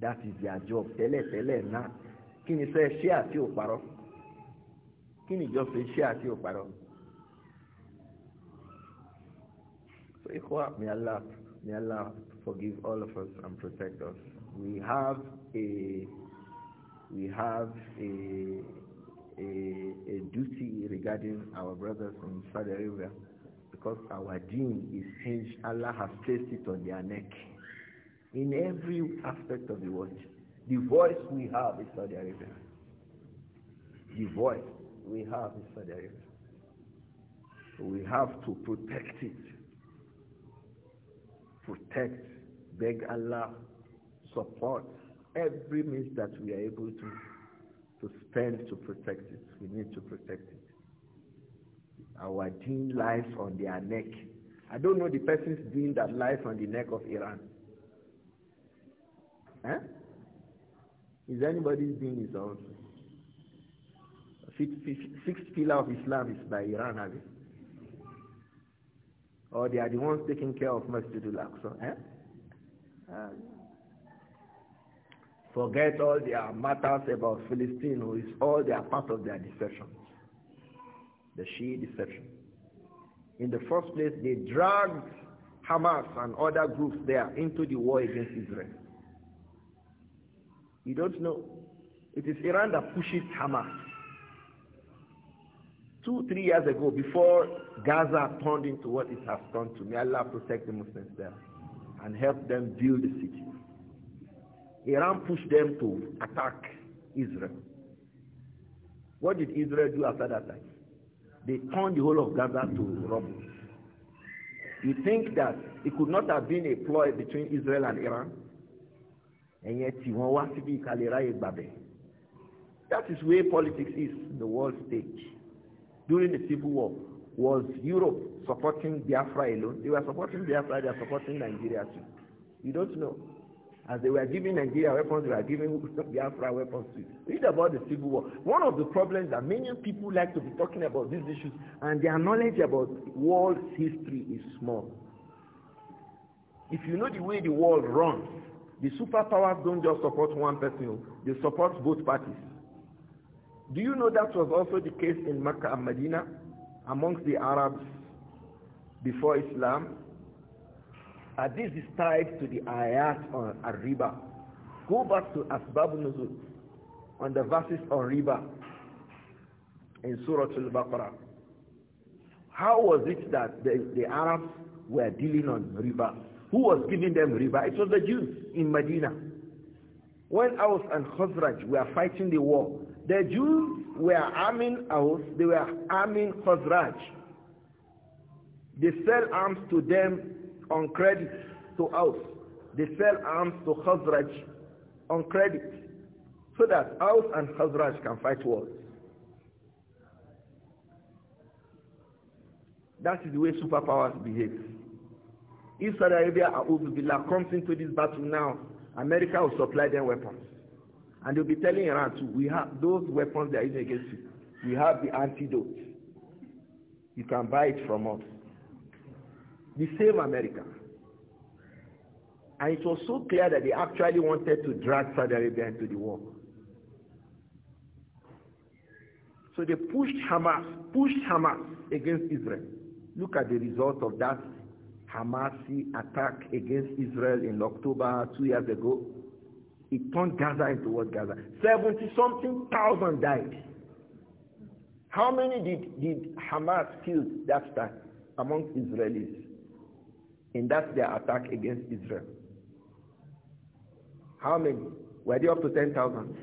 That is their job. tell, tẹ́lẹ̀ náà. Kí say share ṣé àti òparọ́? Kí ni ìjọ share ṣé àti òparọ́? So Ikhwa, may Allah, may Allah forgive all of us and protect us. We have a, we have a, a, a duty regarding our brothers in Saudi Arabia because our deen is hinged. Allah has placed it on their neck. In every aspect of the world, the voice we have is Saudi Arabia. The voice we have is Saudi Arabia. We have to protect it. Protect, beg Allah, support every means that we are able to to spend to protect it. We need to protect it our deen lies on their neck. I don't know the person's deen that lies on the neck of Iran. Huh? Eh? Is anybody's deen is also? Sixth pillar of Islam is by Iran, have you? Or they are the ones taking care of al Aqsa. Eh? forget all their matters about Philistine, who is all they are part of their deception the Shia deception. In the first place, they dragged Hamas and other groups there into the war against Israel. You don't know. It is Iran that pushes Hamas. Two, three years ago, before Gaza turned into what it has turned to, may Allah protect the Muslims there and help them build the city. Iran pushed them to attack Israel. What did Israel do after that time? they turned the whole of Gaza to rubble. You think that it could not have been a ploy between Israel and Iran? And yet, you want to be Kalera Babe. That is where politics is in the world stage. During the Civil War, was Europe supporting Biafra alone? They were supporting Biafra, they are supporting Nigeria too. You don't know. As they were giving Nigeria weapons, they were giving Biafra weapons to. Read about the civil war. One of the problems that many people like to be talking about these issues and their knowledge about world history is small. If you know the way the world runs, the superpowers don't just support one person, oh. they support both parties. Do you know that was also the case in Mecca and Medina amongst the Arabs before Islam? And this is tied to the ayat on riba. Go back to Asbab Nuzul on the verses on riba in Surah Al-Baqarah. How was it that the, the Arabs were dealing on riba? Who was giving them riba? It was the Jews in Medina. When Aus and Khazraj were fighting the war, the Jews were arming Aus, they were arming Khazraj. They sell arms to them on credit to us. They sell arms to Khazraj on credit so that house and Khazraj can fight wars. That is the way superpowers behave. If Saudi Arabia comes into this battle now, America will supply them weapons. And they'll be telling Iran too, we have those weapons they are using against you. We have the antidote. You can buy it from us the same America. And it was so clear that they actually wanted to drag Saudi Arabia into the war. So they pushed Hamas, pushed Hamas against Israel. Look at the result of that Hamasi attack against Israel in October two years ago. It turned Gaza into what Gaza? 70 something thousand died. How many did, did Hamas kill that time among Israelis? in that their attack against Israel. How many? Were they up to 10,000?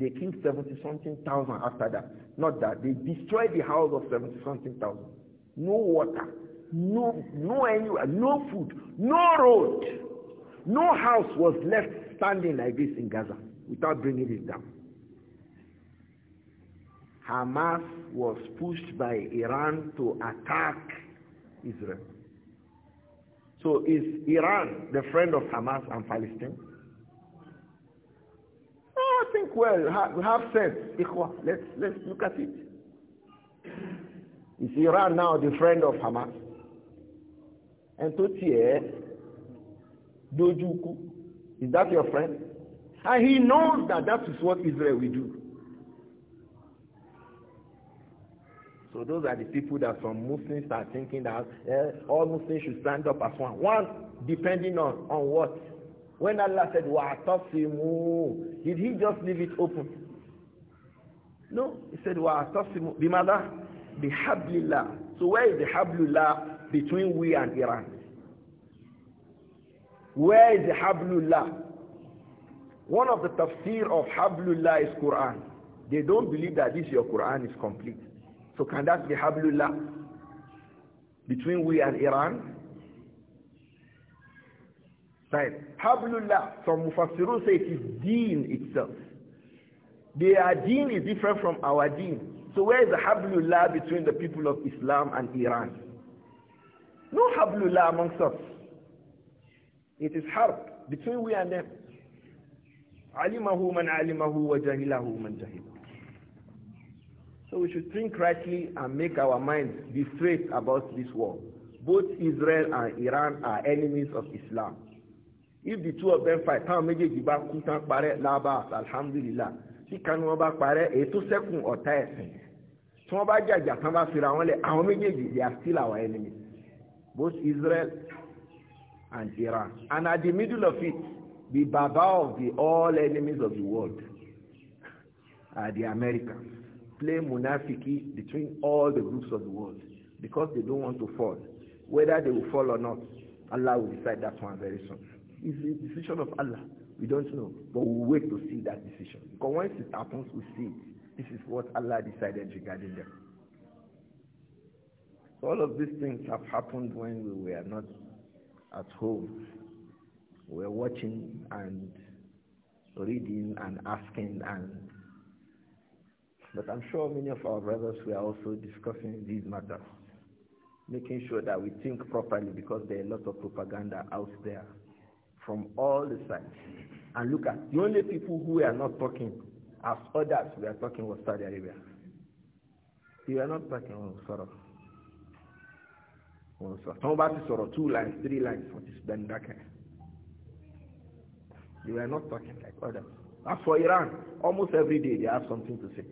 They killed 70 something thousand after that. Not that. They destroyed the house of 70 something thousand. No water, no, no anywhere, no food, no road. No house was left standing like this in Gaza without bringing it down. Hamas was pushed by Iran to attack Israel. So is Iran the friend of Hamas and Palestine? Oh, I think well, we have sense. Let's let's look at it. Is Iran now the friend of Hamas? And to tiẹ̀ dojuku, is that your friend? And he knows that that is what Israel will do. So those are the people that some Muslims are thinking that eh, all Muslims should stand up as one. One, depending on, on what? When Allah said, وَعْتَصِمُوا Did he just leave it open? No, he said, وَعْتَصِمُوا بِمَذَا بِحَبْلِ اللَّهِ So where is the hablullah between we and Iran? Where is the hablullah? One of the tafsir of hablullah is Quran. They don't believe that this your Quran is complete. So can that be Hablullah between we and Iran? Right. Hablullah, some Mufassirun say it is deen itself. Their deen is different from our deen. So where is the Hablullah between the people of Islam and Iran? No Hablullah amongst us. It is harp between we and them. Alimahu man alimahu wa jahilahu man jahil. So we should think rightly and make our minds be straight about this war. Both Israel and Iran are enemies of Islam. If the two of them fight, táwọn méjèèjì bá kú tán parẹ́ lába alhamdulillah. Tí kanu wọn bá parẹ́ èyí tó sẹ́kùn ọ̀tá ẹ̀sìn. Tí wọ́n bá jàjà tán bá fira wọn lẹ̀, àwọn méjèèjì they are still our enemies. Both Israel and Iran. And at the middle of it, the baba of the all enemies of the world are the Americans play munafiki between all the groups of the world because they don't want to fall. Whether they will fall or not, Allah will decide that one very soon. It's a decision of Allah. We don't know, but we'll wait to see that decision. Because once it happens, we see This is what Allah decided regarding them. So all of these things have happened when we were not at home. We were watching and reading and asking and But I'm sure many of our brothers were also discussing these matters, making sure that we think properly because there are a lot of propaganda out there from all the sides. And look at the only people who are not talking, as others we are talking was Saudi Arabia. You are not talking on Sorrow. On Sorrow. Some about Sorrow, two lines, three lines, what is Bendaka. You are not talking like others. As for Iran, almost every day they have something to say.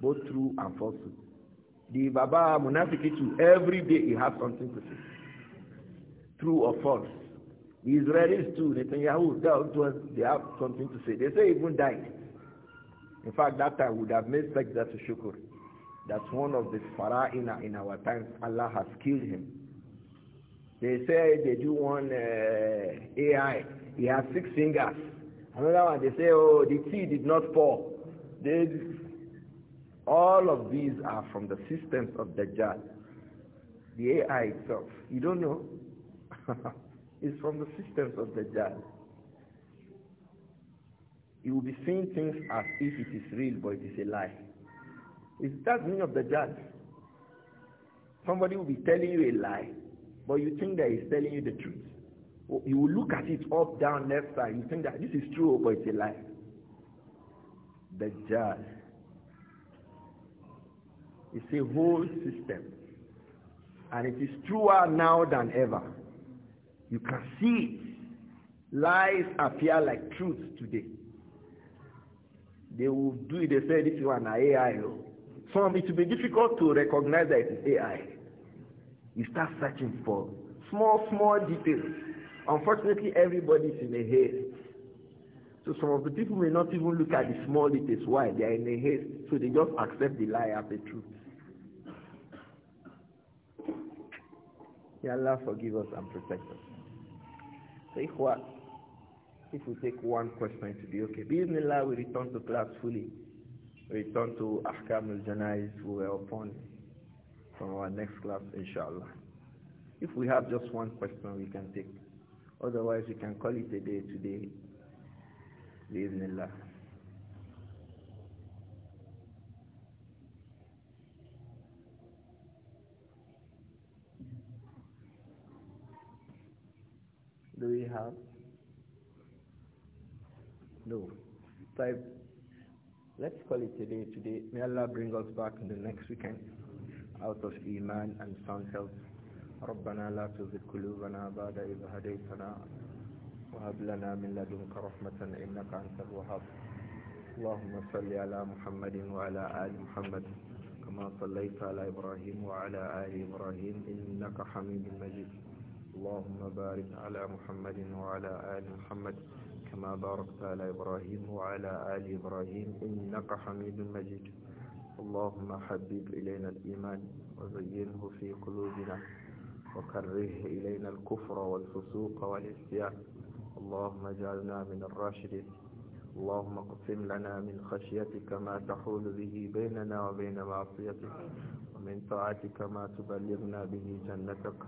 both true and false. The Baba Munafiki too, every day he has something to say. True or false. The Israelis too, Netanyahu, they have something to say. They say even died. In fact, that time would have made that to Shukur. That's one of the Fara'ina in our times. Allah has killed him. They say they do one uh, eh, AI. He has six fingers. Another one, they say, oh, the tea did not fall. They All of these are from the systems of Dajjal. The AI itself. You don't know? is from the systems of Dajjal. You will be seeing things as if it is real, but it is a lie. Is that mean of Dajjal. Somebody will be telling you a lie, but you think that he's telling you the truth. You will look at it up, down, left side. You think that this is true, but it's a lie. Dajjal. It's a whole system. And it is truer now than ever. You can see it. Lies appear like truth today. They will do it, they say this is an AI. Some it will be difficult to recognize that it is AI. You start searching for small, small details. Unfortunately, everybody is in a haste. So some of the people may not even look at the small details. Why? They are in a haste. So they just accept the lie as the truth. May Allah forgive us and protect us. So what. if we take one question to be okay. Bismillah, we return to class fully. We return to Ahkam al-Janais, we were upon from our next class, inshallah. If we have just one question, we can take. Otherwise, we can call it a day today. Bismillah. Do we have? No. Type. Let's call it today. Today, may Allah bring us back in the next weekend out of iman and sound health. ربنا لا تزغ قلوبنا بعد إذ هديتنا وهب لنا من لدنك رحمة إنك أنت الوهاب اللهم صل على محمد وعلى آل محمد كما صليت على إبراهيم وعلى آل إبراهيم إنك حميد مجيد اللهم بارك على محمد وعلى آل محمد كما باركت على إبراهيم وعلى آل إبراهيم إنك حميد مجيد اللهم حبب إلينا الإيمان وزينه في قلوبنا وكره إلينا الكفر والفسوق والعصيان اللهم اجعلنا من الراشدين اللهم اقسم لنا من خشيتك ما تحول به بيننا وبين معصيتك ومن طاعتك ما تبلغنا به جنتك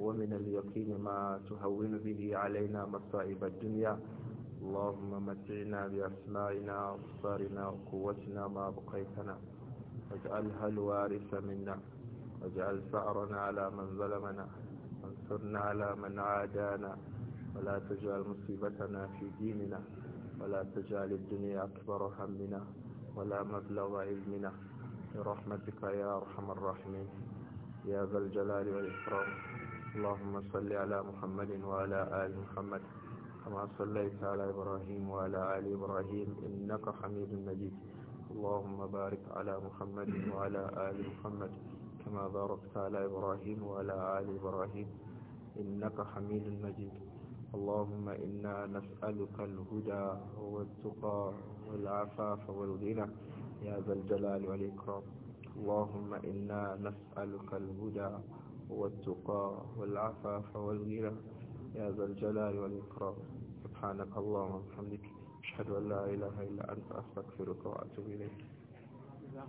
ومن اليقين ما تهون به علينا مصائب الدنيا اللهم متعنا بأسمائنا وأبصارنا وقوتنا ما أبقيتنا واجعلها الوارث منا واجعل ثأرنا على من ظلمنا وانصرنا على من عادانا ولا تجعل مصيبتنا في ديننا ولا تجعل الدنيا أكبر همنا ولا مبلغ علمنا برحمتك يا أرحم الراحمين يا ذا الجلال والإكرام اللهم صل على محمد وعلى آل محمد كما صليت على إبراهيم وعلى آل إبراهيم إنك حميد مجيد اللهم بارك على محمد وعلى آل محمد كما باركت على إبراهيم وعلى آل إبراهيم إنك حميد مجيد اللهم إنا نسألك الهدى والتقى والعفاف والغنى يا ذا الجلال والإكرام اللهم إنا نسألك الهدى والتقى والعفاف والغنى يا ذا الجلال والإكرام سبحانك اللهم وبحمدك أشهد أن لا إله إلا أنت أستغفرك وأتوب إليك